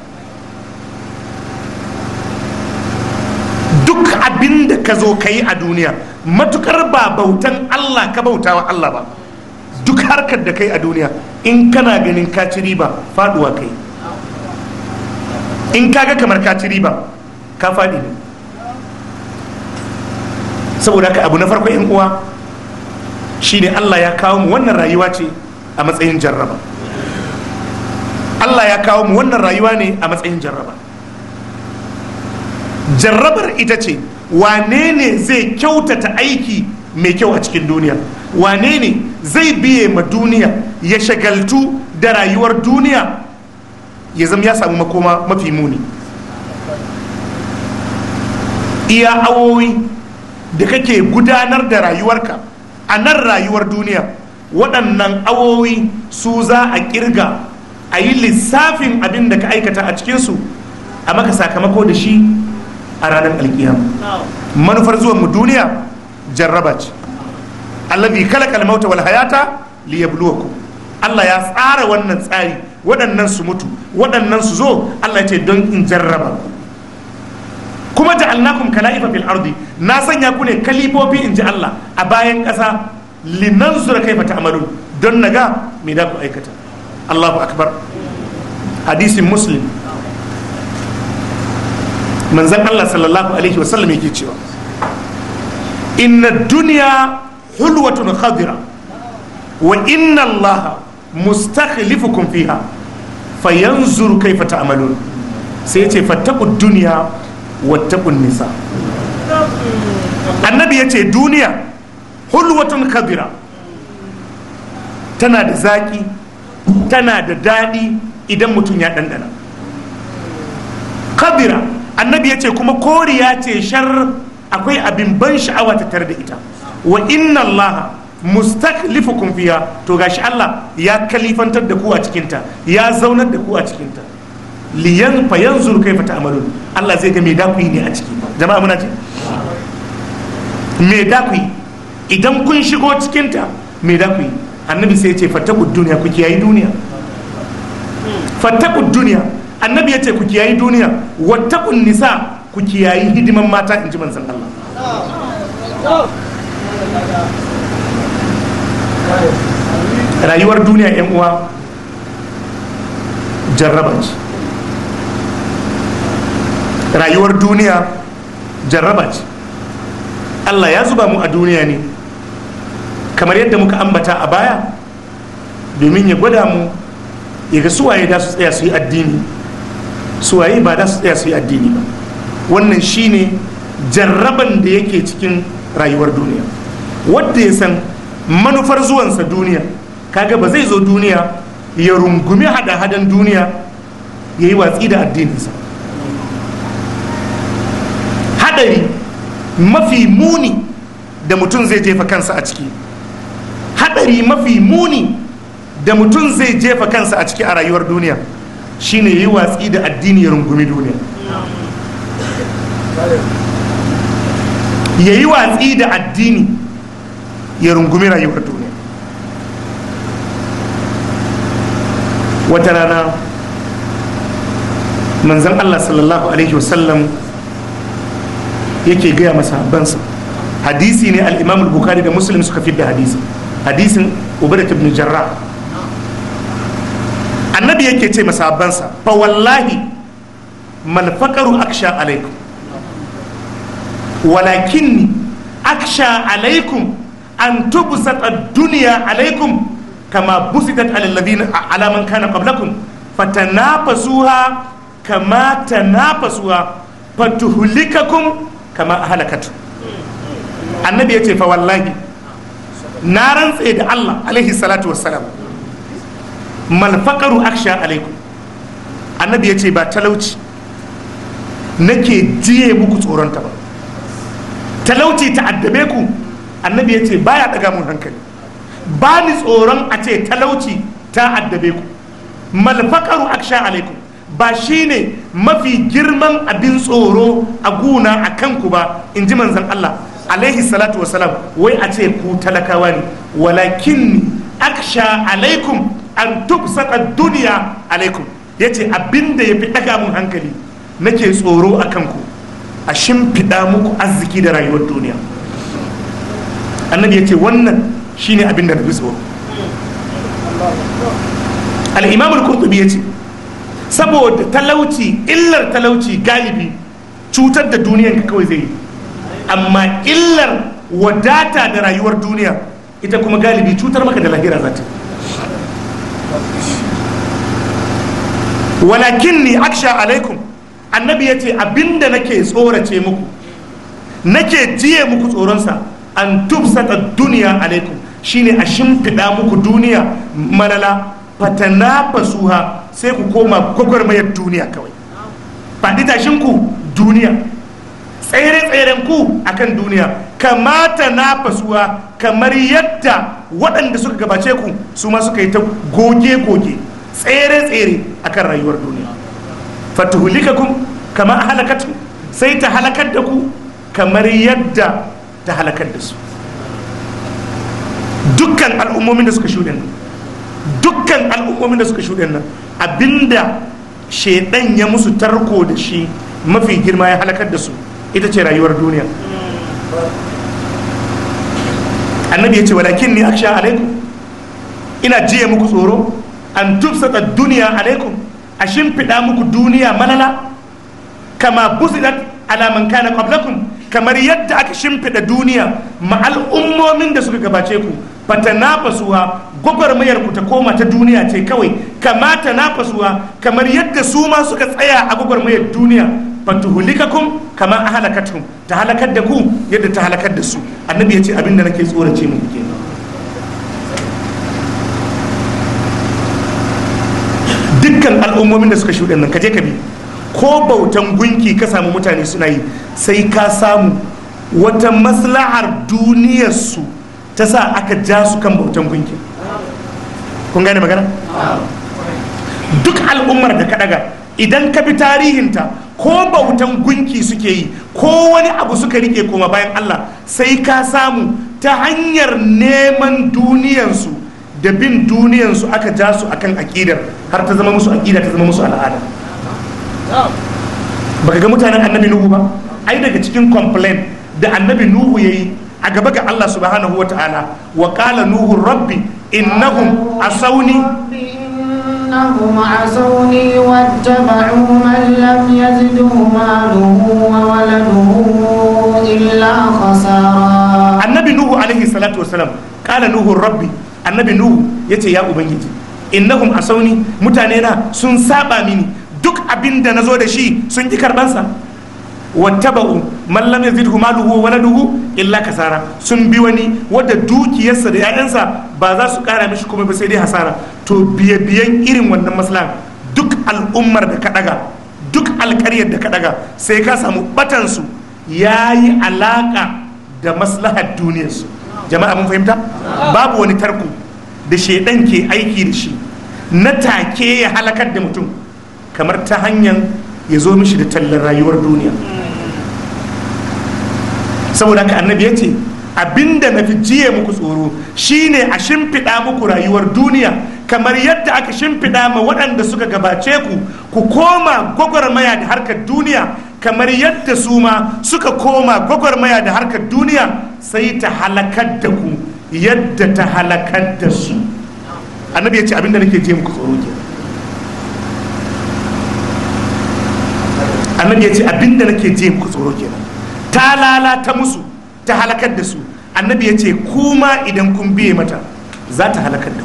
abin da ka zo ka yi a duniya matukar ba bautan Allah ka bauta wa Allah ba duk harkar da kai a duniya in kana ganin ka ci riba faduwa kai in kaga kamar ka ci riba ka fadi ne saboda ka abu na farko yan uwa shine Allah ya kawo mu wannan rayuwa ce a matsayin jarraba Allah ya kawo mu wannan rayuwa ne a matsayin jarraba jarrabar ita ce wane ne zai kyautata aiki mai kyau a cikin duniya wane ne zai biye ma duniya ya shagaltu da rayuwar duniya ya zama ya samu makoma mafi muni iya awowi da kake gudanar da rayuwarka a nan rayuwar duniya waɗannan awowi su za a kirga a yi lissafin abin da ka aikata a cikinsu a maka sakamako da shi a ranar alkiyama manufar zuwan mu duniya jarraba ce allazi khalaqal mauta wal hayata liyabluwakum Allah ya tsara wannan tsari waɗannan su mutu waɗannan su zo Allah ya ce don in jarraba kuma ja'alnakum kala'ifa fil ardi na sanya ku ne kalifofi in ji Allah a bayan ƙasa linanzura kaifa ta'malu don naga me da ku aikata Allahu akbar hadisin muslim manzan Allah sallallahu alaihi wasallam yake cewa inna duniya hulwatun khadira wa inna Allah mustakhlifukum fiha fayanzur kayfa ta'malun sai yace fattaqu duniya wattaqun nisa annabi yace duniya hulwatun khadira tana da zaki tana da daɗi idan mutum ya ɗanɗana kabira annabi ya ce kuma koriya ce shar akwai abin ban sha'awa ta tare da ita wa inna allaha kun fiya to gashi Allah ya kalifantar da ku a cikinta ya zaunar da ku a cikinta liyan fa yanzur fata amalu Allah zai ga me da ne a ciki jama'a muna ji me da idan kun shigo cikinta me da annabi sai ya ce fattakud duniya ku kiyayi duniya fattakud duniya annabi ya ce ku kiyayi duniya kun nisa ku kiyayi hidiman mata in ji manzan Allah rayuwar duniya yan uwa jarraba ce rayuwar duniya jarraba ce Allah ya zuba mu a duniya ne kamar yadda muka ambata a baya domin ya gwada mu ya ga suwaye da su tsaya su yi addini suwaye ba da su tsaya su yi addini ba wannan shine jarraban da yake cikin rayuwar duniya wadda ya san manufar zuwansa duniya kaga ba zai zo duniya ya rungumi hada-hadan duniya ya yi watsi da addininsa hadari mafi muni da mutum zai jefa kansa a ciki hadari mafi muni da mutum zai jefa kansa a ciki a rayuwar duniya shine yi watsi da addini ya rungumi duniya ya yi watsi da addini ya rungumi rayuwar duniya wata rana manzan allah sallallahu alaihi wasallam yake gaya bansa hadisi ne al-imam bukhari da muslim suka fi da hadisi hadisin ubadat ibn jarrah annabi yake ce masabansa fa wallahi mal faqaru aksha alaikum walakinni aksha alaikum an tubsata ad-dunya alaikum kama busitat ala alladhina ala man kana qablakum fatanafasuha kama tanafasuha fatuhlikakum kama ahlakat annabi yace fa wallahi na rantse da Allah alaihi salatu wassalam malfaƙaru aksha alaikum annabi ya ce ba talauci nake jiye muku tsoronta ba talauci ta addabe ku annabi ya ce ba ya ɗaga mun hankali ba ni tsoron a ce talauci ta addabe ku malfaƙaru aksha alaikum ba shi ne mafi girman abin tsoro a guna a kanku ba in ji manzan Allah alaihi salatu wasalam wai a ce ku talakawa ne walakin aksha alaikum an saka duniya alaikum yace abinda fi daga mun hankali nake tsoro a kanku a shimfiɗa muku arziki da rayuwar duniya annabi ce wannan shine abinda na fi tsoro al'imamul kurtubi ya ce yace saboda talauci illar talauci galibi cutar da duniyan ka kawai zai yi amma illar wadata da rayuwar duniya ita kuma galibi cutar maka da lahira za ta yi walakin ni aksha alaikum annabi ya ce abinda nake tsorace muku nake jiye muku tsoronsa an tubsata duniya alaikum shine a shimfiɗa muku duniya malala fatana fasuha sai ku koma gwagwarmayar duniya kawai faɗi tashinku duniya tsere-tseren ku akan duniya kamata na fasuwa kamar yadda waɗanda suka gabace ku su ma suka yi ta goge-goge tsere-tsere akan rayuwar duniya ku kamar halakatu sai ta halakar da ku kamar yadda ta halakar da su dukkan al'ummomin da suka shuɗe nan dukkan al'ummomin da suka shuɗe nan abinda shaidan ya musu tarko da shi mafi girma ya halakar da su ita ce rayuwar duniya annabi ya ce walakin ni aksha alaikum ina jiya muku tsoro an tubsata duniya alaikum a shimfiɗa muku duniya malala kama busidat ala man kana qablakum kamar yadda aka shimfiɗa duniya ma al'ummomin da suka gabace ku ba ta nafasuwa gwagwarmayar ku ta koma ta duniya ce kawai kama ta nafasuwa kamar yadda su ma suka tsaya a gwagwarmayar duniya fatuhulikakum kama ahalakatum ta halakar da ku yadda ta halakar da su annabi ya ce abinda nake tsorace mu dukkan al'ummomin da suka shuɗe nan kaje ka bi ko bautan gunki ka samu mutane suna yi sai ka samu wata maslahar duniyarsu ta sa aka ja su kan bautan gunki kun gane magana duk al'ummar da ka daga idan ka bi tarihinta ko bautan gunki suke yi ko wani abu suka rike kuma bayan Allah sai ka samu ta hanyar neman duniyansu da bin duniyansu aka ja su akan aƙidar har ta zama musu akida ta zama musu al'ada baka ga mutanen annabi nuhu ba ai daga cikin complain da annabi nuhu yayi a gaba ga Allah subhanahu wa ta'ala wa qala nuhu rabbi innahum asawni أنهم عصوني واتبعوا من لم يزدوا ماله وولده إلا خسارا النبي نوح عليه الصلاة والسلام قال نوح ربي النبي نوح يتي يا أبنجي إنهم عصوني متانينا سنسابا مني duk abin da na zo da shi sun ki karbansa wattaba'u man lam yazidhu maluhu wa waladuhu illa kasara sun bi wani wadda dukiyarsa da 'ya'yansa ba za su kara mishi kuma ba sai dai hasara to biye biyan irin wannan maslan duk al'ummar da ka duk alƙaryar da ka sai ka samu batansu ya yi alaƙa da maslahar duniyarsu jama'a mun fahimta babu wani tarko da shaidan ke aiki da shi na take ya halakar da mutum kamar ta hanyar ya zo mishi da tallar rayuwar duniya saboda haka annabi ya ce abinda na fi jiye muku tsoro shine a shimfiɗa muku rayuwar duniya kamar yadda aka shimfiɗa ma waɗanda suka gabace ku ku koma gwagwarmaya da harkar duniya kamar yadda su ma suka koma gwagwarmaya da harkar duniya sai ta halakar da ku yadda ta halakar da su annabi ya ce abinda nake je muku tsoro ke annabi ya ce abinda nake je muku tsoro kenan ta lalata musu ta halakar da su annabi ya ce kuma idan kun biye mata za ta halakar da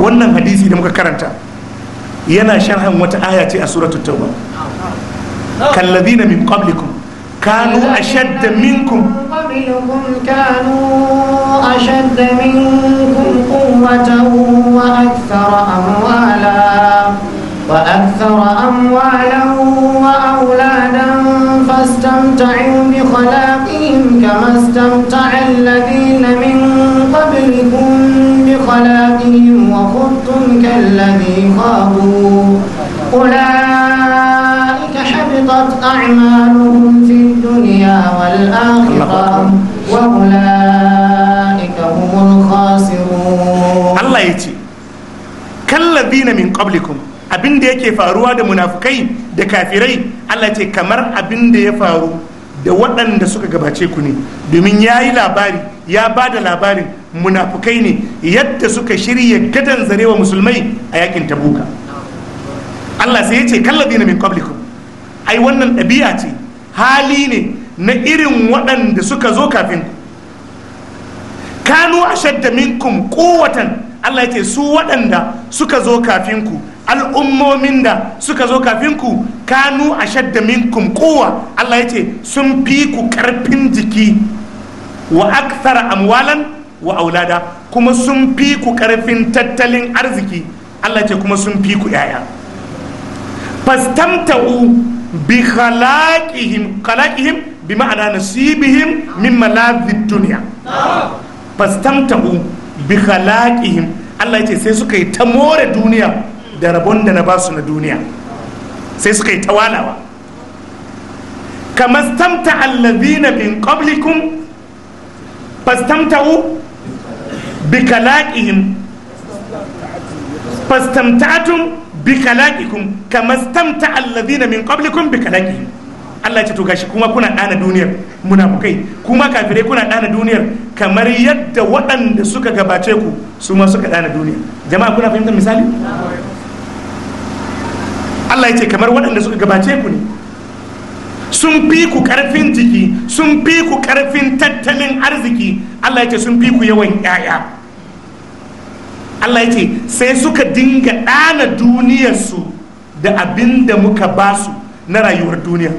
wannan hadisi da muka karanta yana sharhan wata aya ce a suratul tauba kallazina min qablikum kanu ashadda minkum قبلهم كانوا أشد منكم قوة وأكثر أموالا وأكثر أموالا وأولادا فاستمتعوا بخلاقهم كما استمتع الذين من قبلكم بخلاقهم وخذتم كالذي خابوا أولئك حبطت أعمالهم في الدنيا والآخرة وأولئك هم الخاسرون الله يتي كالذين من قبلكم abin da yake faruwa da munafukai da kafirai Allah ce kamar abin da ya faru da waɗanda suka gabace ku ne domin ya yi labari ya ba da labarin munafukai ne yadda suka shirya gadan zarewa musulmai a yakin tabuka Allah sai ya ce kallabi zina min qablikum ai wannan ɗabi'a ce hali ne na irin waɗanda suka zo kafin ku a shadda minkum kowatan, Allah ya ce su waɗanda suka zo kafin ku al'ummomin da suka zo kafin ku kanu a shadda minkum kowa Allah ya ce sun fi ku karfin jiki wa aksara amwalan wa aulada kuma sun fi ku karfin tattalin arziki Allah ya ce kuma sun fi ku yaya fastamta'u bi khalaqihim bi ma'ana nasibihim min malazid dunya fastamta'u bi khalaqihim Allah ya ce sai suka yi ta more duniya da rabon da na basu na duniya sai suka yi tawalawa kama stamta allazina min qablikum fastamta'u bi kalaqihim fastamta'tum bi kalaqikum tamta stamta allazina min qablikum bi kalaqihim Allah ce to gashi kuma kuna ɗana duniyar munafukai kuma kafirai kuna ɗana duniyar kamar yadda waɗanda suka gabace ku su ma suka ɗana duniyar jama'a kuna fahimtar misali Allah ya ce kamar waɗanda suka gabace ku ne sun fi ku karfin jiki sun fi ku karfin tattalin arziki Allah ya ce sun fi ku yawan 'ya'ya Allah ya ce sai suka dinga ɗana duniyarsu da abin da muka basu na rayuwar duniya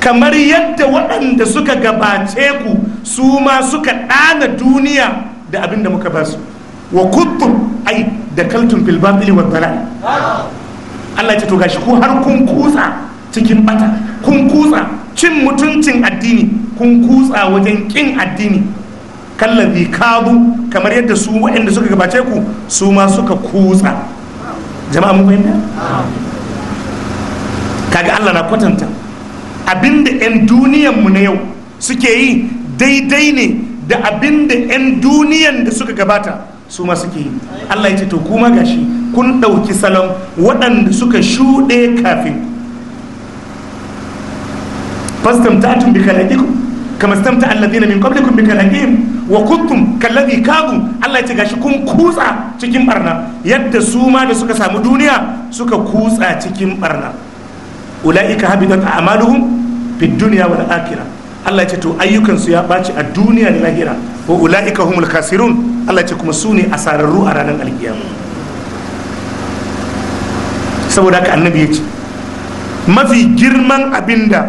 kamar yadda waɗanda suka gabace ku su ma suka ɗana duniya da abin da muka basu wa kuttum ai da kaltun filbabili wa dalal Allah ce to gashi ku har kun kutsa cikin bata kun kutsa cin mutuncin addini kun kutsa wajen kin addini kallabi kabu kamar yadda su waɗanda suka gabace ku su ma suka kutsa jama'a mun fahimta kaga Allah na kwatanta abinda 'yan duniyan mu na yau suke yi daidai ne da abinda 'yan duniyan da suka gabata su ma suke yi Allah ya ce to kuma gashi kun ɗauki salon waɗanda suka shuɗe kafin fastam ta tun bi khalaqikum kama allah dina min qablikum bi khalaqihim wa kuntum kalladhi kabu Allah ya ce gashi kun kutsa cikin barna yadda su ma da suka samu duniya suka kutsa cikin barna ulaika habitat a'maluhum fi dunya wal akhirah Allah ya ce to ayyukan su ya ɓaci a duniya da lahira wa ula'ika humul kasirun Allah ce kuma su ne asararru a ranar alkiyama saboda haka annabi ya ce mafi girman abinda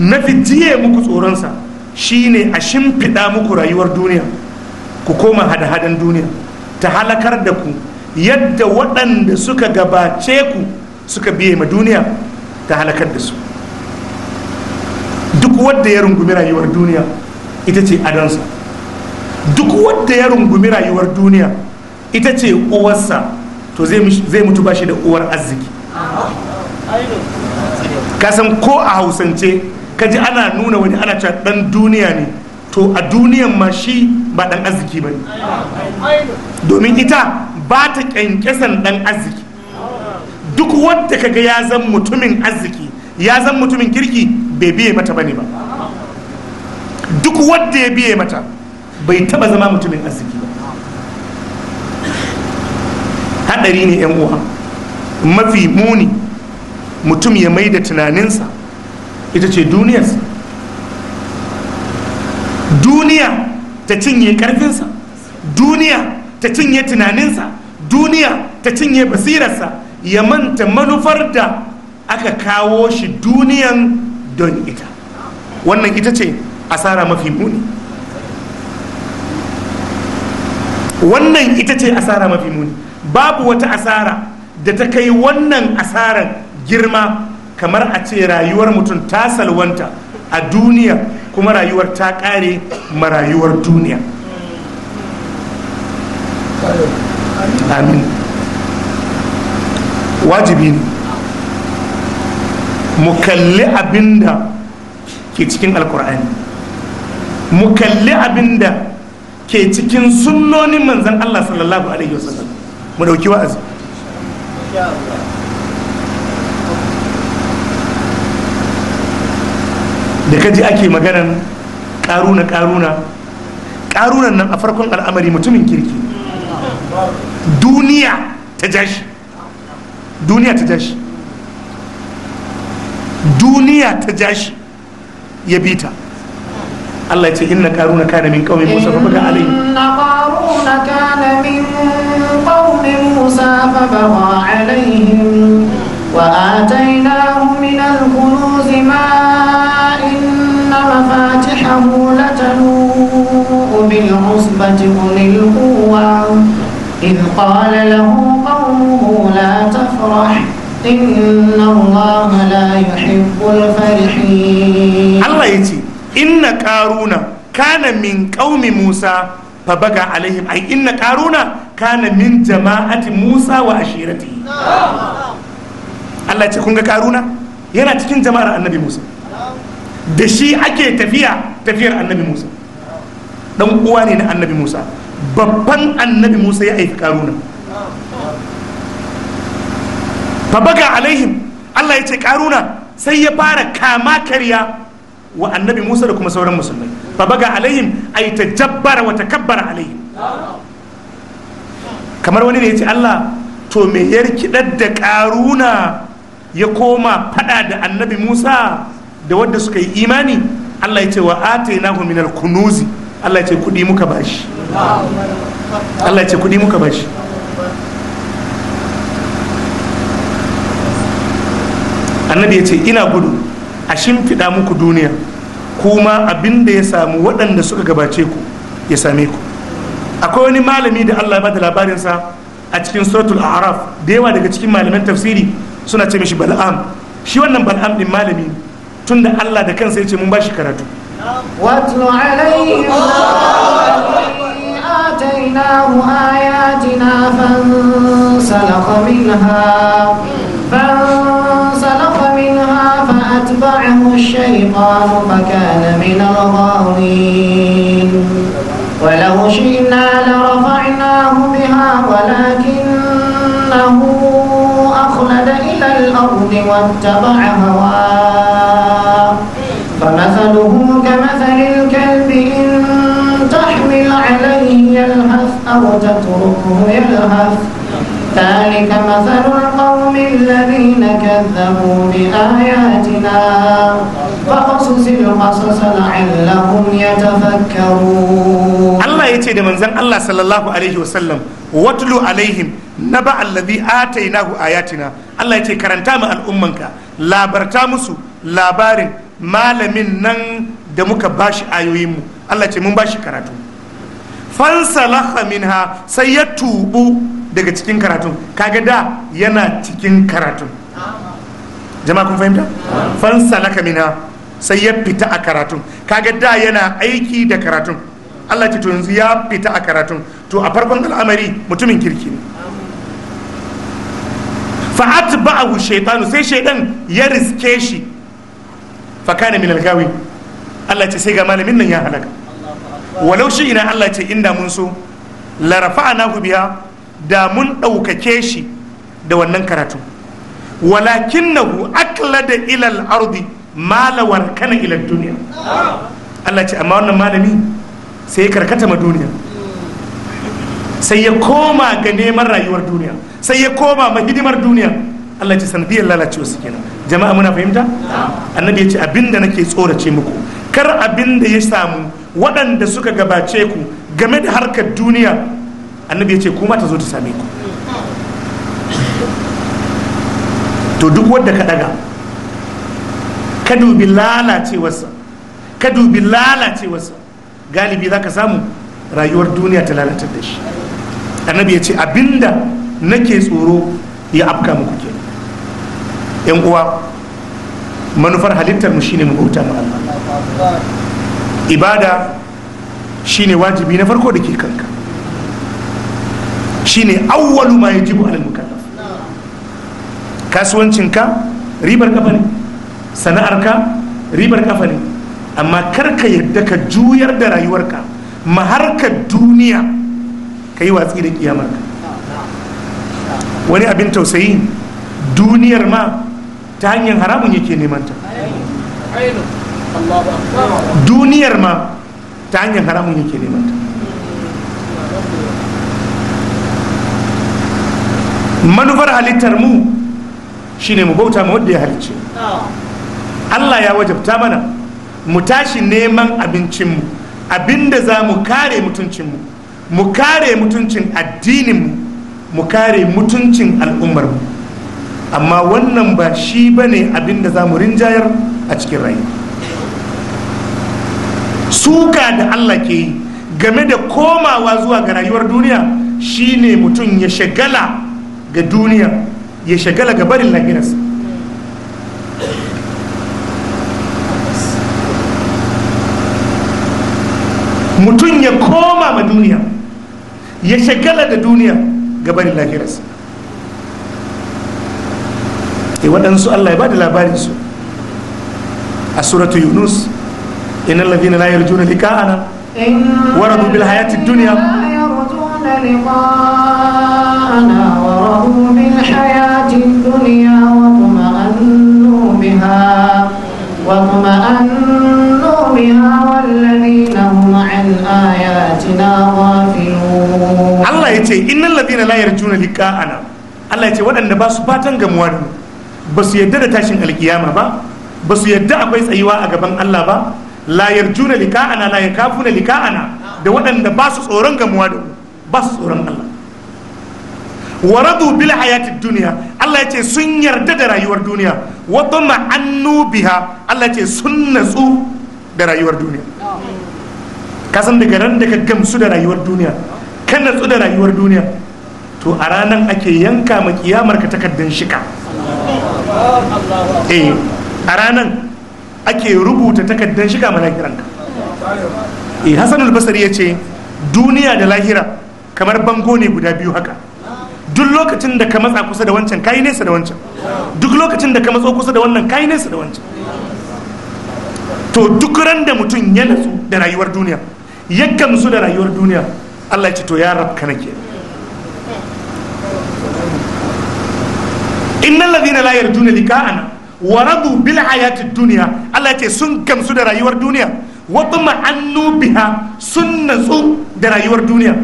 na fi jiye muku tsoronsa shine a shimfiɗa muku rayuwar duniya ku koma hada-hadan duniya ta halakar da ku yadda waɗanda suka gabace ku suka biye ma duniya ta halakar da su duk wadda ya rungumi rayuwar duniya ita ce adonsa duk wanda ya rungumi rayuwar duniya ita ce uwarsa to zai mutu bashi da uwar arziki kasan ko a hausance kaji ana nuna wani ana cewa dan duniya ne to a duniyan ma shi ba ɗan arziki ba ne domin ita ba ta kyankyasan dan arziki duk wanda kaga ya zan mutumin arziki ya zan mutumin kirki bai biye mata ba ne ba duk wanda ya biye mata bai taba zama mutumin arziki ba hadari ne yan uwa mafi muni mutum ya mai da tunaninsa ita ce duniyarsa duniya ta cinye karfinsa duniya ta cinye tunaninsa duniya ta cinye basirarsa ya manta manufar da aka kawo shi duniyan don ita wannan ita ce asara mafi muni wannan ita ce asara mafi muni babu wata asara da ta kai wannan asarar girma kamar a ce rayuwar mutum ta salwanta a duniya kuma rayuwar ta kare marayuwar duniya amin wajibi ne mu kalli abinda ke cikin alkur'ani mu kalli abinda ke cikin sunnonin manzan Allah sallallahu alaihi wasallam mu dauki wa'azi da kaji ake maganan karuna karuna karunan nan a farkon al'amari mutumin kirki duniya ta jashi duniya ta jashi duniya ta jashi ya bita الله يتي إن قارون كان من قوم موسى فبغى عليه إن قارون كان من قوم موسى فبغى عليهم وآتيناه من الكنوز ما إن مفاتحه لتنوء بالعصبة أولي القوة إذ قال له قومه لا تفرح إن الله لا يحب الفرحين الله يتي inna karuna kana min kaumi musa fa baga alaihim ay inna karuna kana min jama'ati musa wa ashirati Allah ce kun ga karuna yana cikin jama'ar annabi musa da shi ake tafiya tafiyar annabi musa dan uwa ne na annabi musa babban annabi musa ya aiki karuna fa baga alaihim Allah ya ce karuna sai ya fara kama karya wa annabi Musa da kuma sauran musulmai fa baga alaihim ay tajabbara wa takabbara alaihim kamar wani ne ya ce Allah to me ya rikidar da karuna ya koma fada da annabi Musa da wadda suka yi imani Allah ya ce wa atainahu minal kunuzi Allah ya ce kudi muka bashi Allah ya ce kudi muka bashi annabi ya ce ina gudu a shimfiɗa muku duniya kuma abin da ya samu waɗanda suka gabace ku ya same ku akwai wani malami da Allah ba da labarinsa a cikin suratul a'raf da yawa daga cikin malaman tafsiri suna ce mishi bal'am shi wannan bal'am ɗin malami tunda Allah da kansa ya ce mun ba shi karatu آتيناه آياتنا فانسلخ منها فأتبعه الشيطان فكان من الغاوين ولو شئنا لرفعناه بها ولكنه أخلد إلى الأرض واتبع هواه فمثله كمثل الكلب إن تحمل عليه يلهث أو تتركه يلهث ذلك مثل القوم الذين كذبوا بآياتنا فقصص القصص لعلهم يتفكرون الله يتي من زن الله صلى الله عليه وسلم واتلو عليهم نبأ الذي آتيناه آياتنا الله يتي كرنتا ما الأمنك لا برتامسو لا بارن malamin nan da muka bashi ayoyinmu Allah ce mun bashi karatu fansalaha minha sai ya tubu daga cikin karatun kaga da yana cikin karatun jama'a kun fahimta fansa laka mina sai ya fita a karatun kaga da yana aiki da karatu. Allah ce to yanzu ya fita a karatu. to a farkon al'amari mutumin kirki ne fa atba'ahu shaytanu sai shaydan ya riske shi fa kana min al Allah ce sai ga malamin nan ya halaka walau shi ina Allah ce inda mun so la rafa'nahu biya. da mun ɗaukake shi da wannan karatu walakin akla da ilal ardi malawar kana ilal duniya Allah ce amma wannan malami sai ya karkata ma duniya sai ya koma ga neman rayuwar duniya sai ya koma ma hidimar duniya Allah ce sanadiyar lalacewa su kenan jama'a muna fahimta annabi ya ce abinda nake tsorace muku kar da ya samu waɗanda suka gabace ku game da harkar duniya annabi ya ce kuma ta zo ta same ku to duk wadda ka daga ka dubi lalacewarsa ka dubi lalacewarsa galibi za ka samu rayuwar duniya ta lalatar da shi annabi ya ce abinda nake tsoro ya afka muku ke yan uwa manufar halittar mu shine mu bauta mu Allah ibada shine wajibi na farko da ke kanka shine awwalu ma yajibu alal mukallaf kasuwancin ka ribar kafa ne sana'ar ka ribar kafa ne amma karka yadda ka juyar da rayuwarka maharkar duniya ka yi watsi da ka wani abin tausayi duniyar ma ta hanyar haramun yake neman ta duniyar ma ta hanyar haramun yake neman ta manufar halittar mu shine mu bauta ma wanda ya halicce oh. Allah ya wajabta mana mu tashi neman abincinmu abinda za mu kare mutuncinmu mu kare mutuncin addininmu mu kare mutuncin al'ummarmu amma wannan ba shi ba ne abinda za mu rinjayar a cikin rai suka da Allah ke yi game da komawa zuwa ga rayuwar duniya shine mutum ya shagala ga duniya ya shagala ga barin lahirarsa mutum ya koma ma duniya ya shagala da duniya ga barin lahirarsa e eh, waɗansu allah ya ba da labarinsu a suratu yunus إن الذين لا يرجون لقاءنا ana بالحياة الدنيا يرجون duniya. وتفرغوا من حياة الدنيا واطمأنوا بها واطمأنوا بها والذين هم عن آياتنا غافلون الله يتي إن الذين لا يرجون لقاءنا Allah ya ce waɗanda ba su fatan gamuwa ba su yadda da tashin alkiyama ba ba su yadda akwai tsayiwa a gaban Allah ba la juna na lika'ana la yakafu na lika'ana da waɗanda ba su tsoron gamuwa ba su tsoron Allah Waradu bil hayati dunya Allah yace sun yarda da rayuwar duniya wa dama annu biha Allah yace sun natsu da rayuwar duniya ka san daga ran da ka gamsu da rayuwar duniya ka natsu da rayuwar duniya to a ranan ake yanka ma kiyamar ka takaddun shika eh a ranan ake rubuta takaddun shika ma ka eh Hassan al-Basri yace duniya da lahira kamar bango ne guda biyu haka duk lokacin da ka matsa kusa da wancan kayi nesa da wancan duk lokacin da ka matso kusa da wannan kayi nesa da wancan to duk ran da mutum ya natsu da rayuwar duniya ya gamsu da rayuwar duniya Allah ce to ya rab rabka nake innal ladina la yarjuna liqa'ana wa radu bil hayati dunya Allah ce sun gamsu da rayuwar duniya wa tuma annu biha sun natsu da rayuwar duniya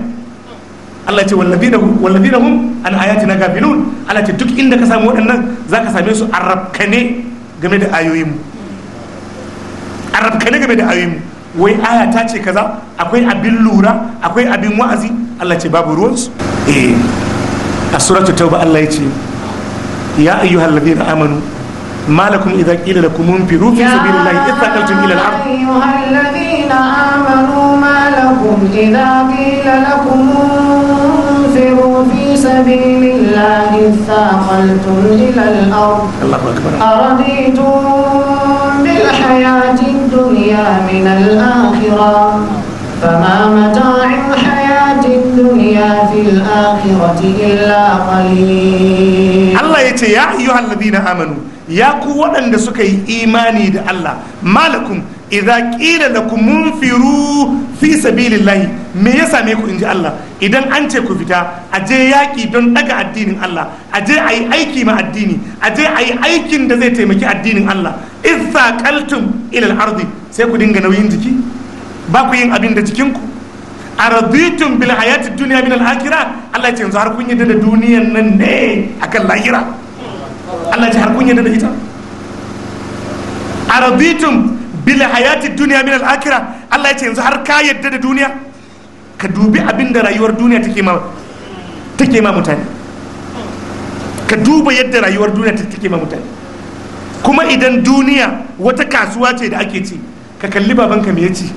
Allah ce wallazina hum wallazina hum na ayatina gafilun Allah ce duk inda ka samu waɗannan za ka same su arabkane game da ayoyinmu mu arabkane game da ayoyin mu wai aya ta ce kaza akwai abin lura akwai abin wa'azi Allah ce babu ruwan su eh, a suratul tauba Allah ya ce ya ayyuhal ladina amanu ما لكم إذا قيل لكم انفروا في سبيل الله اثقلتم إلى الأرض يا أيها الذين تُبْصِرُوا فِي سَبِيلِ اللَّهِ اثَّاقَلْتُمْ إِلَى الْأَرْضِ الله أكبر أَرَضِيتُمْ بِالْحَيَاةِ الدُّنْيَا مِنَ الْآخِرَةِ فَمَا مَتَاعُ الْحَيَاةِ الدُّنْيَا فِي الْآخِرَةِ إِلَّا قَلِيلٌ الله يتي يا أيها الذين آمنوا يا قوة أن سكي إيماني الله ما لكم idza qila lakum munfiru fi sabilillahi me ya same ku inji Allah idan an ce ku fita aje yaki don daga addinin Allah aje je aiki ma addini aje je ayi aikin da zai taimaki addinin Allah idza qaltum ila al-ardi sai ku dinga nauyin jiki ba ku yin abin da cikin ku araditum bil hayati dunya min al-akhirah Allah ya ce yanzu har kun yadda duniyan nan ne akan lahira Allah ya ce har kun yadda ita araditum bila hayati duniya min al'akira Allah ya ce yanzu har ka yadda da duniya ka dubi abin da rayuwar duniya take ma take ma mutane ka duba yadda rayuwar duniya take ma mutane kuma idan duniya wata kasuwa ce da ake ci ka kalli ka me ya ci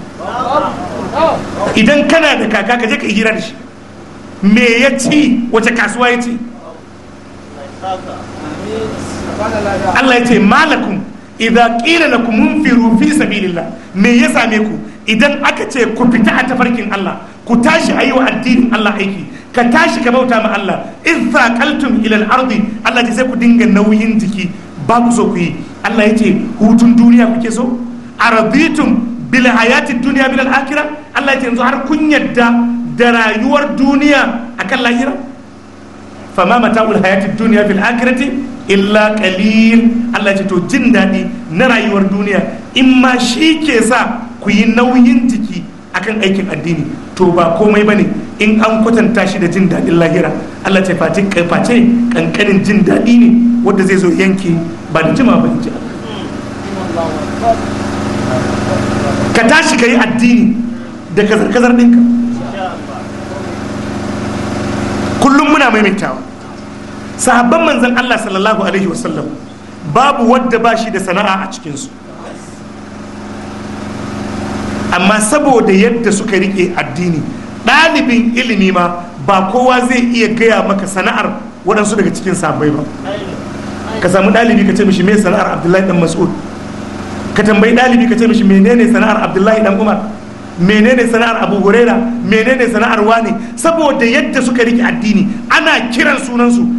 idan kana da kaka ka je ka hira da shi me ya ci wata kasuwa ya ci Allah ya ce malakun idza qila ku munfiru fi sabilillah me ya same ku idan aka ce ku fita a tafarkin Allah ku tashi ayi wa addinin Allah aiki ka tashi ka bauta ma Allah idza qaltum ila al-ardi Allah ya sai ku dinga nauyin jiki ba ku so ku yi Allah ya ce hutun duniya kuke so araditum bil hayati dunya bil akhirah Allah ya ce yanzu har kun yadda da rayuwar duniya akan lahira fama mata'ul hayati dunya fil akhirati illa qalil Allah ce to jin daɗi na rayuwar duniya in ma shi ke sa ku yi nauyin jiki akan aikin addini to ba komai bane in an kwatanta shi da jin daɗin lahira Allah ce face face kankanin jin daɗi ne wanda zai zo yanke ba da jima ba ji ka tashi ka yi addini da kazar-kazar ɗinka kullum muna maimaitawa sahabban manzan Allah sallallahu alaihi wasallam babu wadda ba shi da sana'a a cikinsu amma saboda yadda suka rike addini ɗalibin ilimi ma ba kowa zai iya gaya maka sana'ar waɗansu daga cikin sahabbai ba ka samu ɗalibi ka ce mishi me sana'ar abdullahi dan mas'ud ka tambayi ɗalibi ka ce mishi menene sana'ar abdullahi dan umar menene sana'ar abu huraira menene sana'ar Wani saboda yadda suka rike addini ana kiran sunansu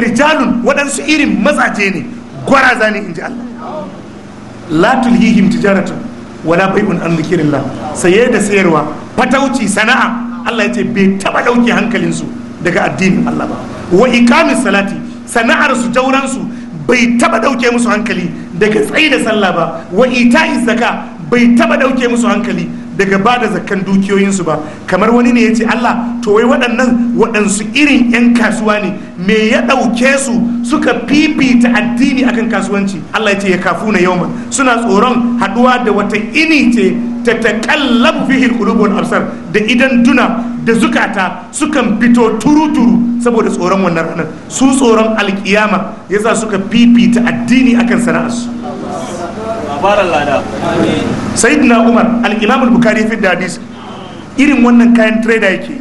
ne rijalun waɗansu irin matsaje ne gwaraza ne in ji Allah la tulhihim tijaratun wala bai'un an la saye da sayarwa fatauci sana'a Allah ya ce bai taba ɗauke hankalinsu daga addinin Allah ba wa ikamin salati sana'ar su jauransu bai taba ɗauke musu hankali daga tsayi da sallah ba wa ita'iz zaka bai taba ɗauke musu hankali daga ba da zakan dukiyoyinsu ba kamar wani ne ya ce Allah to wai waɗannan waɗansu irin 'yan kasuwa ne me ya ɗauke su suka fifita addini akan kasuwanci Allah ya ce ya kafu na yauman suna tsoron haɗuwa da wata ini ce ta taƙallabu fihil ƙulubun absar da idan duna da zukata sukan fito turuturu saboda tsoron wannan ranar su tsoron alkiyama yasa suka fifita addini akan sana'arsu sayyidina umar al-imam al-bukhari fi hadis irin wannan kayan trader yake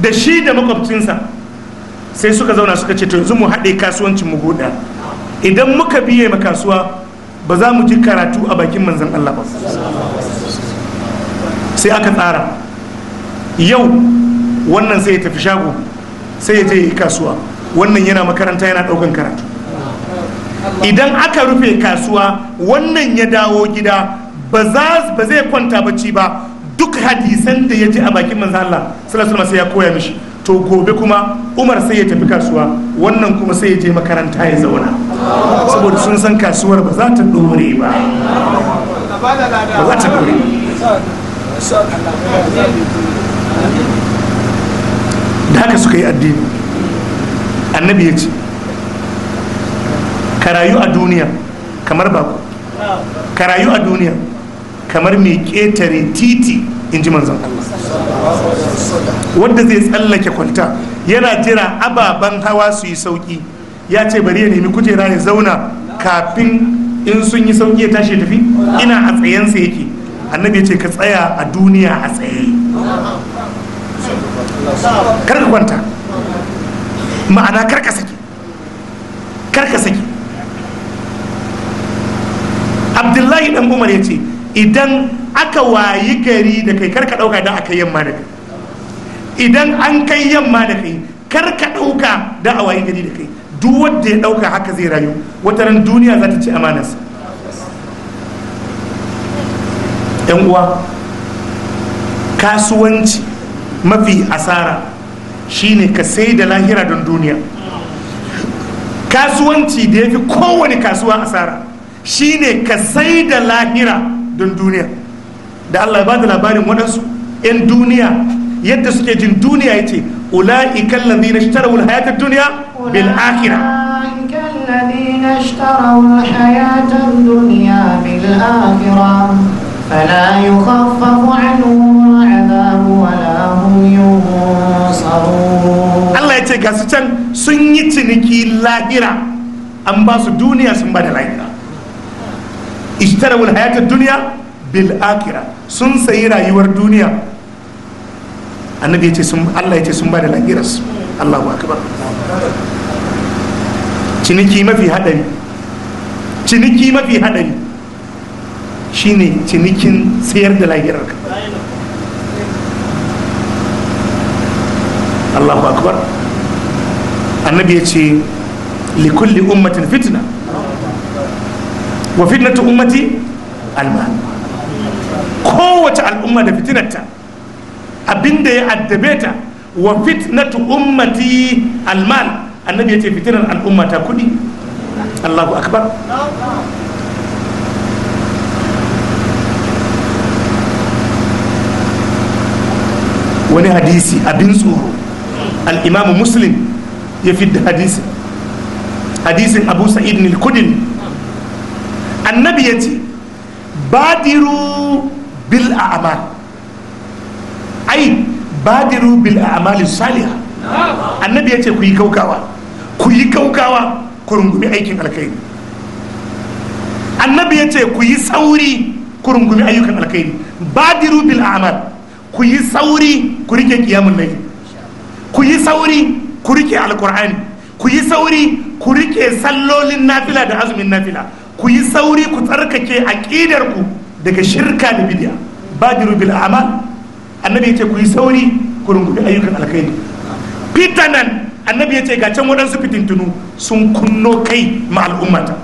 da shi da makwabcinsa sai suka zauna suka ce to yanzu mu haɗe kasuwancin mu huda idan muka biye ma kasuwa ba za mu ji karatu a bakin manzan Allah ba sai aka tsara yau wannan sai ya tafi shago sai ya je kasuwa wannan yana makaranta yana ɗaukan karatu idan aka rufe kasuwa wannan ya dawo gida ba zai kwanta bacci ba duk hadisan da ya ji a bakin manzo Allah sallallahu alaihi ya koya mishi to gobe kuma Umar sai ya tafi kasuwa wannan kuma sai ya je makaranta ya zauna saboda sun san kasuwar ba za ta dore ba ba za ta dore da haka suka yi addini annabi ya ce Karayu a duniya kamar bako karayu a duniya kamar mai ƙetare titi in ji manzan wadda zai tsallake kwalta yana jira ababen hawa su yi sauki ya ce bari ya nemi kujera ya zauna kafin in sun yi sauki ya tashi ya tafi ina a tsayensa yake annabi ya ce ka tsaya a duniya a tsaye karka kwanta ma'ana karka saki karka saki. abdullahi dan umar ya ce idan aka wayi gari da kai karka ɗauka da aka yamma da kai idan an kai yamma da kai karka ɗauka da a wayi gari da kai duk wanda ya ɗauka haka zai rayu wata ran duniya za ta ci amanarsa yan uwa kasuwanci mafi asara shine ka sai da lahira don duniya kasuwanci da ya fi kowane kasuwa asara shine ka sai da lahira don duniya da allah ba da labarin waɗansu 'yan duniya yadda suke jin duniya ya ce ula'i kallabi na shitara wula hayata duniya bil akira Allah ya ce gasu can sun yi ciniki lahira an ba su duniya sun ba da lahira ishtarawul hayatar duniya bil akira sun sayi rayuwar duniya annabi ce sun Allah yace sun bada lahiras Allahu akbar ciniki mafi hadari ciniki mafi hadari shine cinikin sayar da lahirar Allahu akbar annabi yace likulli ummatin fitna wa fitnatu ummati alma kowace al'umma da fitinarta abinda ya addabe ta wa fitnatu ummati almal annabi ya ce fitinar al'umma ta kudi allahu akbar wani hadisi abin tsoro al'imamu muslim ya fi hadisi hadisin abu sa'id nil kudin annabi ya ce badiru bil a'mal ai badiru bil a'mali salihah annabi ya ce ku yi kaukawa ku yi kaukawa ku rungumi aikin alkhairi annabi ya ce ku yi sauri ku rungumi ayyukan alkhairi badiru bil a'mal ku yi sauri ku rike kiyamun laifin ku yi sauri ku rike alkur'ani ku yi sauri ku rike sallolin nafila da azumin nafila ku yi sauri ku tsarkake ku daga shirka da bidiya badiru bil a'mal annabi ce ku yi sauri ku rungumi ayyukan alkhairi fitanan annabi ce ga can waɗansu fitintunu sun kunno kai ma al'ummata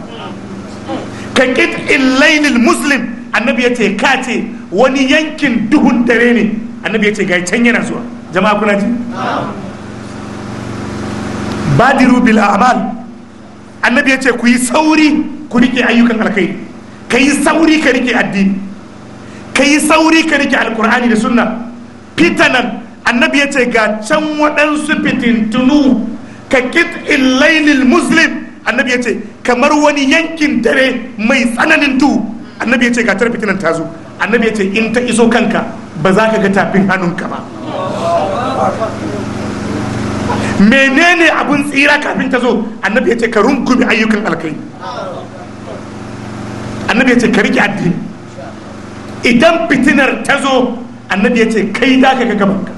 ka in illailil muslim annabi ce ka ce wani yankin duhun dare ne annabi ce ga can yana zuwa jama'a kuna ji badiru bil a'mal annabi ce ku yi sauri ku rike ayyukan alkhairi ka yi sauri ka rike addini ka yi sauri ka rike alkur'ani da sunna fitanan annabi ya ce ga can waɗansu fitintunu ka kit in lailil muslim annabi ya ce kamar wani yankin dare mai tsananin duhu annabi ya ce ga tar fitinan ta zo annabi ya ce in ta iso kanka ba za ka ga tafin hannunka ba menene abun tsira kafin ta zo annabi ya ce ka rungume ayyukan alkai annabi ya ce ka rike addini idan fitinar ta zo annabi ya ce kai da ka ga gabanka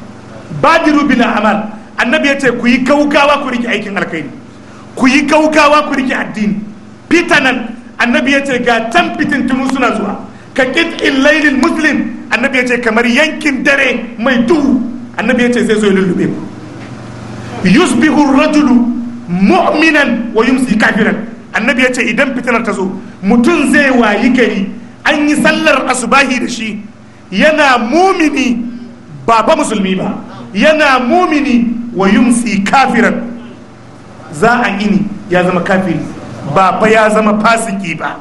badiru bin amal annabi ya ce ku yi gaugawa ku rike aikin alkhairi ku yi gaugawa ku rike addini fitanan annabi ya ce ga tan fitintunu suna zuwa ka in lailin muslim annabi ya ce kamar yankin dare mai duhu annabi ya ce zai zo ya lullube ku yusbihu rajulu mu'minan wa yumsi kafiran annabi ya ce idan fitinar ta zo mutum zai wayi gari an yi sallar asubahi da shi yana mumini ba ba musulmi ba yana mumini wa yumsi kafiran za a ini ya zama kafiri ba ba ya zama fasiki ba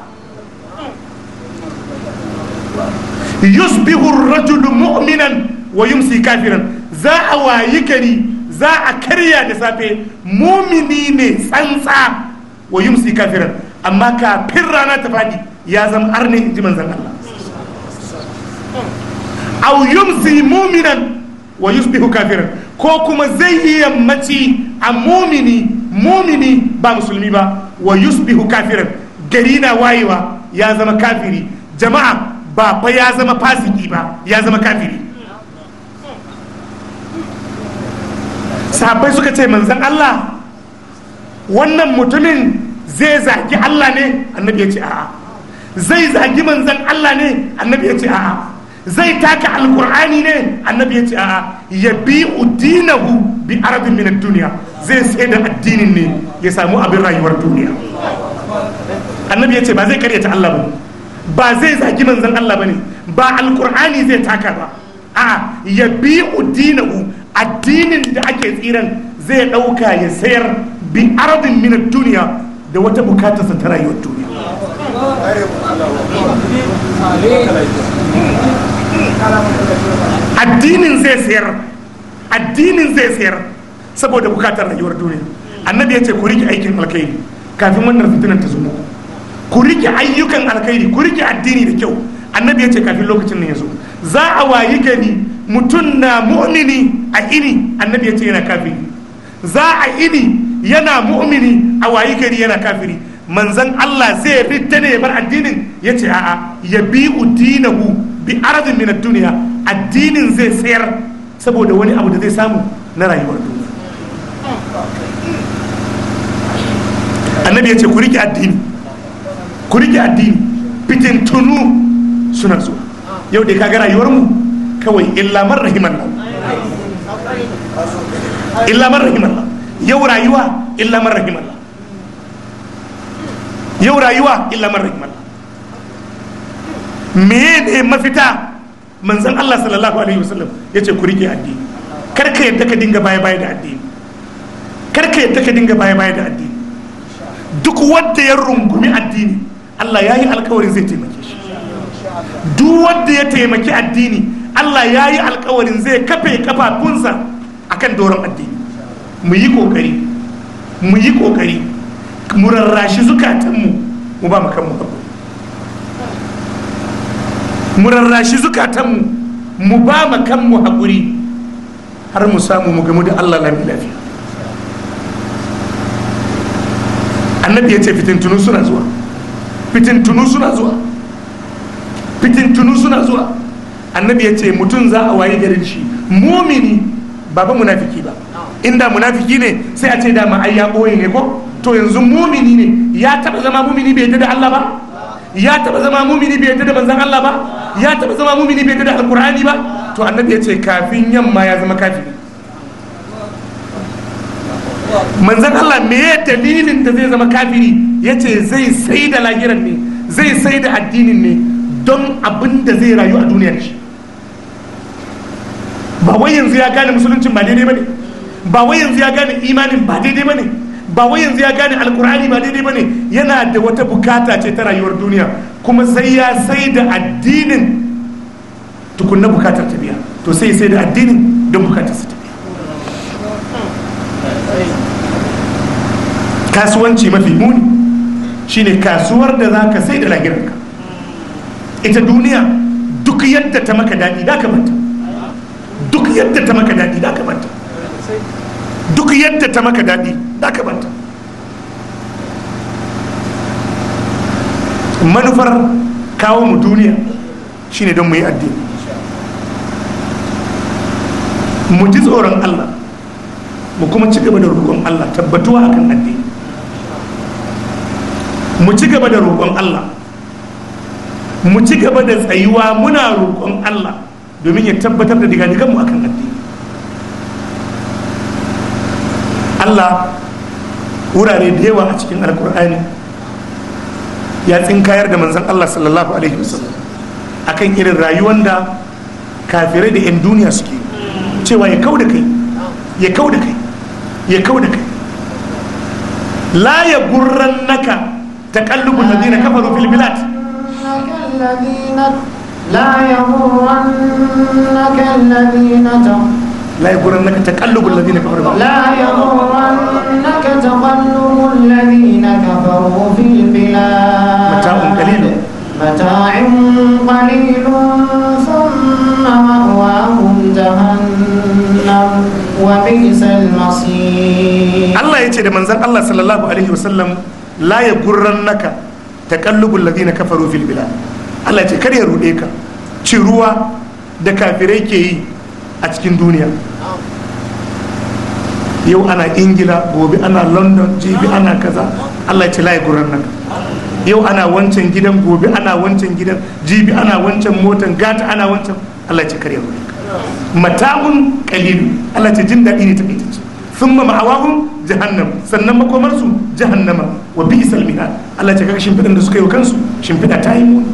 yusbihu rajulu mu'minan wa yumsi kafiran za a wayi gari za a karya da safe mumini ne tsantsa wa yumsi kafiran amma kafin rana ta faɗi ya zama arne in ji manzan Allah au yumsi muminan wa yusbihu kafiran ko kuma zai yi yammaci a mumini mumini ba musulmi ba wa yusbihu kafiran gari na wayewa ya zama kafiri jama'a ba fa ya zama fasiki ba ya zama kafiri sahabbai suka ce manzan Allah wannan mutumin zai zagi Allah ne annabi ya ce a'a zai zagi manzan Allah ne annabi ya ce a'a zai taka alkur'ani ne annabi ya ce a'a ya bi udinahu bi arabin min duniya zai sai da addinin ne ya samu abin rayuwar duniya annabi ya ce ba zai karyata Allah ba ba zai zagi manzan Allah ba ne ba alkur'ani zai taka ba a ya bi udinahu addinin da ake tsiran zai ɗauka ya sayar bi arabin min duniya da wata sa ta rayuwar duniya addinin zai sayar addinin zai sayar saboda bukatar rayuwar duniya annabi ya ce ku rike aikin alkhairi kafin wannan fitinan ta zumo ku rike ayyukan alkhairi ku rike addini da kyau annabi ya ce kafin lokacin nan ya zo za a wayi gani mutum na mu'mini a ini annabi ya ce yana kafin za a ini yana mu'mini a wayi gari yana kafiri manzan Allah zai fita ne bar addinin ya ce a'a ya bi udinahu bi arzin min duniya addinin zai tsayar saboda wani abu da zai samu na rayuwar duniya annabi ya ce ku rike addini ku rike addini tunu suna zuwa yau da kaga mu kawai illa man Allah illa man rahiman yau rayuwa illa man rahimallah yau rayuwa illa man me ne mafita manzon Allah sallallahu alaihi wasallam yace ku rike addini kar ka yadda ka dinga baya baya da addini kar ka yadda ka dinga baya baya da addini duk wanda ya rungumi addini Allah ya yi alkawarin zai taimake shi duk wanda ya taimaki addini Allah ya yi alkawarin zai kafe kafafunsa akan doron addini mu yi kokari mu yi kokari mu rarrashi zukatanmu mu ba mu mu haƙuri mu rarrashi zukatanmu mu ba mu mu haƙuri har mu samu mu gamu da Allah lafi lafiya annabi ya ce fitintunu suna zuwa fitintunu suna zuwa fitintunu suna zuwa annabi ya ce mutum za a waye garin shi mumini ba ba munafiki ba inda munafiki ne sai a ce dama ai ya boye ne ko to yanzu mumini ne ya taba zama mumini bai da Allah ba ya taba zama mumini bai da manzon Allah ba ya taba zama mumini bai da alkur'ani ba to annabi ya ce kafin yamma ya zama kafiri manzon Allah me ya dalilin da zai zama kafiri ya ce zai sai da lahiran ne zai sai da addinin ne don abin da zai rayu a duniyar shi ba wai yanzu ya gane musuluncin ba daidai ba ne ba wai yanzu ya gane imanin ba daidai ba ne ba wai yanzu ya gane alkur'ani ba daidai ba ne yana da wata bukata ce ta rayuwar duniya kuma sai ya sai da addinin tukunna bukatar ta biya to sai sai da addinin don bukatar su ta biya kasuwanci mafi muni shine kasuwar da za ka sai da ka ita duniya duk yadda ta maka daɗi da ka duk yadda ta maka daɗi da ka duk yadda ta maka daɗi da ka banta manufar kawo mu duniya shine don mu yi addini mu ji tsoron allah mu kuma ci gaba da roƙon allah tabbatuwa akan addini mu ci gaba da roƙon allah mu ci gaba da tsayuwa muna roƙon allah domin ya tabbatar da diga mu akan addini Allah wurare da yawa a cikin alkur'ani ya tsinkayar da manzan Allah sallallahu alaihi wasallam akan irin rayuwar da kafirai da 'yan duniya suke cewa ya kau da kai ya kau da kai ya kau da kai la ya gurran naka da ladina kafaru fil bilad لا يغرنك ta. layagurran naka allah ya ce da manzar allah sallallahu alaihi wa sallam layagurran naka ta kallu gulladin ka faru filbila allah ya ce kadi ya rude ka ci ruwa da kafirai ke yi. a cikin duniya yau ana ingila gobe ana london jibi ana kaza allah ya layi guran nan yau ana wancan gidan gobe ana wancan gidan jibi ana wancan motan gata ana wancan allah ya karya wuri mata'un kalilu allah ya jin daɗi ne ta ce sun ma ma'awahun jahannam sannan makomarsu jahannama wa bi isal allah ya kaga shimfiɗan da suka yi wa kansu shimfiɗa ta yi muni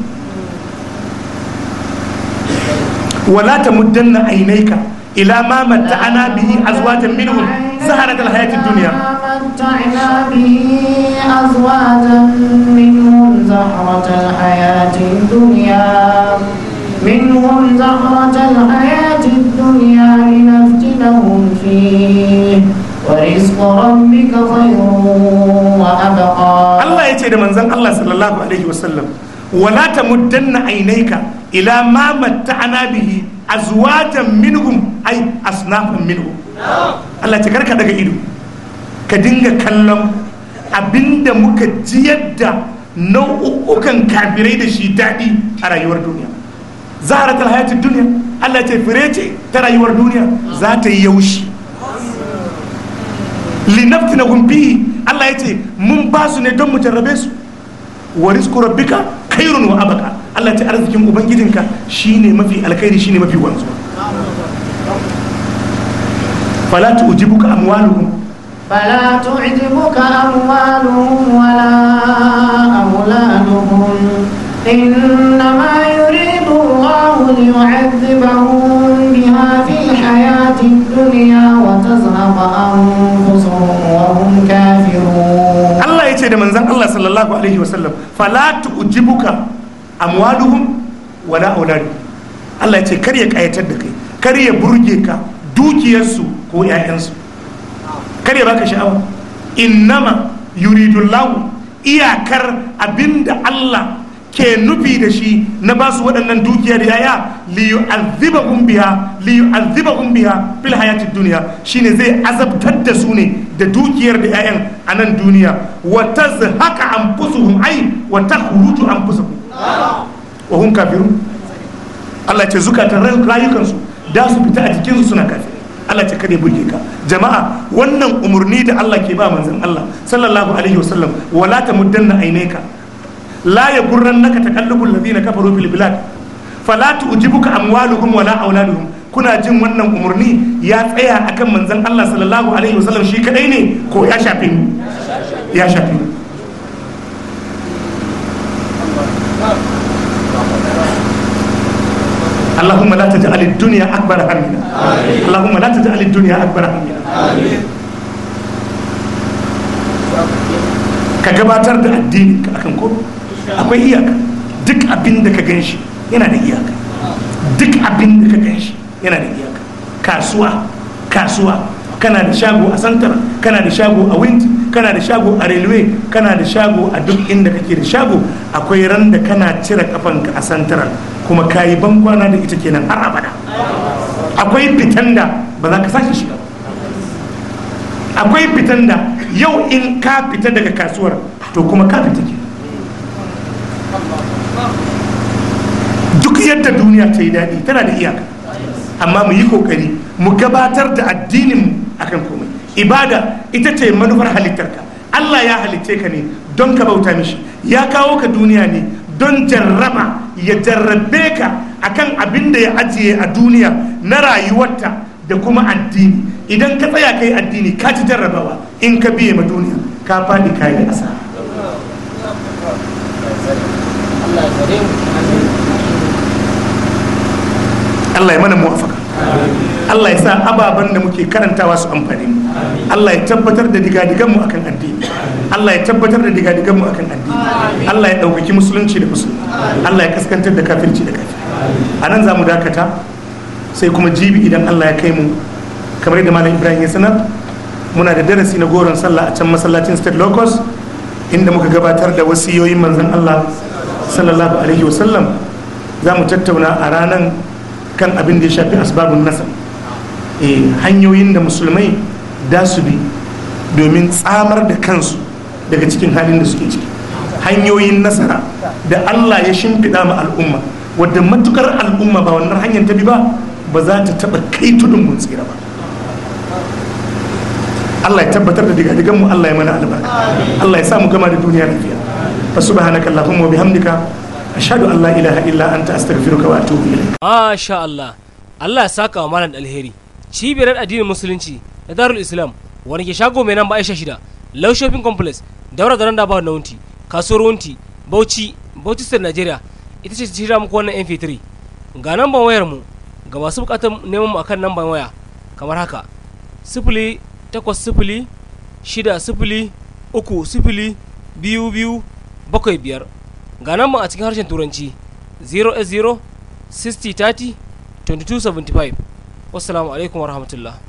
wala tamuddanna aynayka ila ma matta'ana bihi azwajan minhum zaharat alhayat ad-dunya متعنا به أزواجا منهم زهرة الحياة الدنيا منهم زهرة الحياة الدنيا لنفتنهم فيه ورزق ربك خير وأبقى الله يتعلم من زن الله صلى الله عليه وسلم wala ainihi ainaika ila ma ana bihi azwatan minhum ay asnafan minhum Allah ta karka daga ido ka dinga kallon abinda muka ji yadda nau'ukan kafirai da shi daɗi a rayuwar duniya zaharatul hayatul duniya Allah ce fire ta rayuwar duniya za ta yi yaushi linafti na gumbi Allah ya ce mun ba su ne don mu jarrabe su wa rizqu rabbika khairun wa abaka Allah ta arzikin ubangijinka shine mafi alkhairi shine mafi wanzu fala tu ujibuka amwaluhum fala tu ujibuka amwaluhum wala awladuhum innama yuridu Allah liyu'adhibahum biha fil hayati ad-dunya wa tazhaqa anfusuhum wa hum kafirun ce da manzan Allah sallallahu alaihi wasallam fala tu'jibuka amwaluhum wala auladuhum Allah ce kar ya kayatar da kai kar ya burge ka dukiyarsu ko ƴaƴansu kar ya baka sha'awa innama yuridullahu iyakar abinda Allah ke nufi da shi na ba su waɗannan dukiyar yaya liyu azziba gumbiya liyu azziba gumbiya fil hayati duniya shine zai azabtar da su ne da dukiyar da yayan a nan duniya wa tazhaka anfusuhum ai wa takhruju anfusuhum wa hum kafirun Allah ce zukata rayukansu da su fita a jikinsu suna kafir Allah ce kada burge ka jama'a wannan umarni da Allah ke ba manzon Allah sallallahu alaihi wasallam wala tamuddanna ainaka la ya yagurrannaka taqallubul ladina kafaru fil bilad fala tu'jibuka amwaluhum wala auladuhum kuna jin wannan umarni ya tsaya akan manzan Allah sallallahu alaihi wasallam shi kadai ne ko ya shafe mu ya shafe mu اللهم لا تجعل الدنيا اكبر همنا اللهم لا تجعل الدنيا اكبر همنا ka gabatar da addini akan ko akwai iyaka duk abin da ka gan shi yana da iyaka duk abin da ka gan shi yana da iyaka kasuwa kasuwa kana da shago a santar kana da shago a wind kana da shago a railway kana da shago a duk inda kake da shago akwai ran da kana cire kafanka a santar kuma ka yi bankwana da ita kenan har abada akwai fitan da ba za ka sashi shiga akwai fitan da yau in ka fita daga kasuwar to kuma ka fita ke duk yadda duniya ta yi daɗi tana da iyaka amma mu yi kokari mu gabatar da addinin akan komai ibada ita ce manufar halittarka Allah ya halicce ka ne don ka bauta mishi ya kawo ka duniya ne don jarraba ya jarrabe ka akan abin da ya ajiye a duniya na rayuwarta da kuma addini idan ka tsaya kai addini ka ci jarrabawa in ka biye ma duniya ka faɗi kayan ƙasa Allah ya mana muwafaka Allah ya sa ababen da muke karantawa su amfani mu Allah ya tabbatar da digadigan mu akan addini Allah ya tabbatar da digadigan mu akan addini Allah ya ɗaukaki musulunci da musulmi Allah ya kaskantar da kafirci da kafir a nan za mu dakata sai kuma jibi idan Allah ya kai mu kamar yadda malam Ibrahim ya sanar muna da darasi na goron sallah a can masallacin state locus inda muka gabatar da wasiyoyin manzon Allah sallallahu alaihi wasallam za mu tattauna a ranar kan abin da ya shafi asbabun nasar eh, hanyoyin da musulmai da su bi domin tsamar da kansu daga cikin halin da suke ciki hanyoyin nasara da allah ya shimfiɗa ma al'umma wadda matukar al'umma ba wannan hanyar ta bi ba ba za ta taɓa kai tudun mun tsira ba Allah ya tabbatar da digadigan mu Allah ya mana albarka Allah ya sa mu gama da duniya lafiya fa allahumma wa bihamdika ashadu an la ilaha an ta astaghfiruka wa atubu ilaik masha Allah Allah ya saka wa malam alheri cibiyar addinin musulunci da darul islam wani ke shago mai nan ba aisha shida shopping complex daura da randa ba na kasuwar wunti bauchi bauchi state nigeria ita ce shirya muku wannan mp3 ga namban wayar mu ga masu bukatar neman mu akan namban waya kamar haka sifili takwas sifili shida sifili uku sifili biyu biyu bakwai biyar ga nan a cikin harshen turanci 080 60 30 2275 wasu alaikum warahmatullahi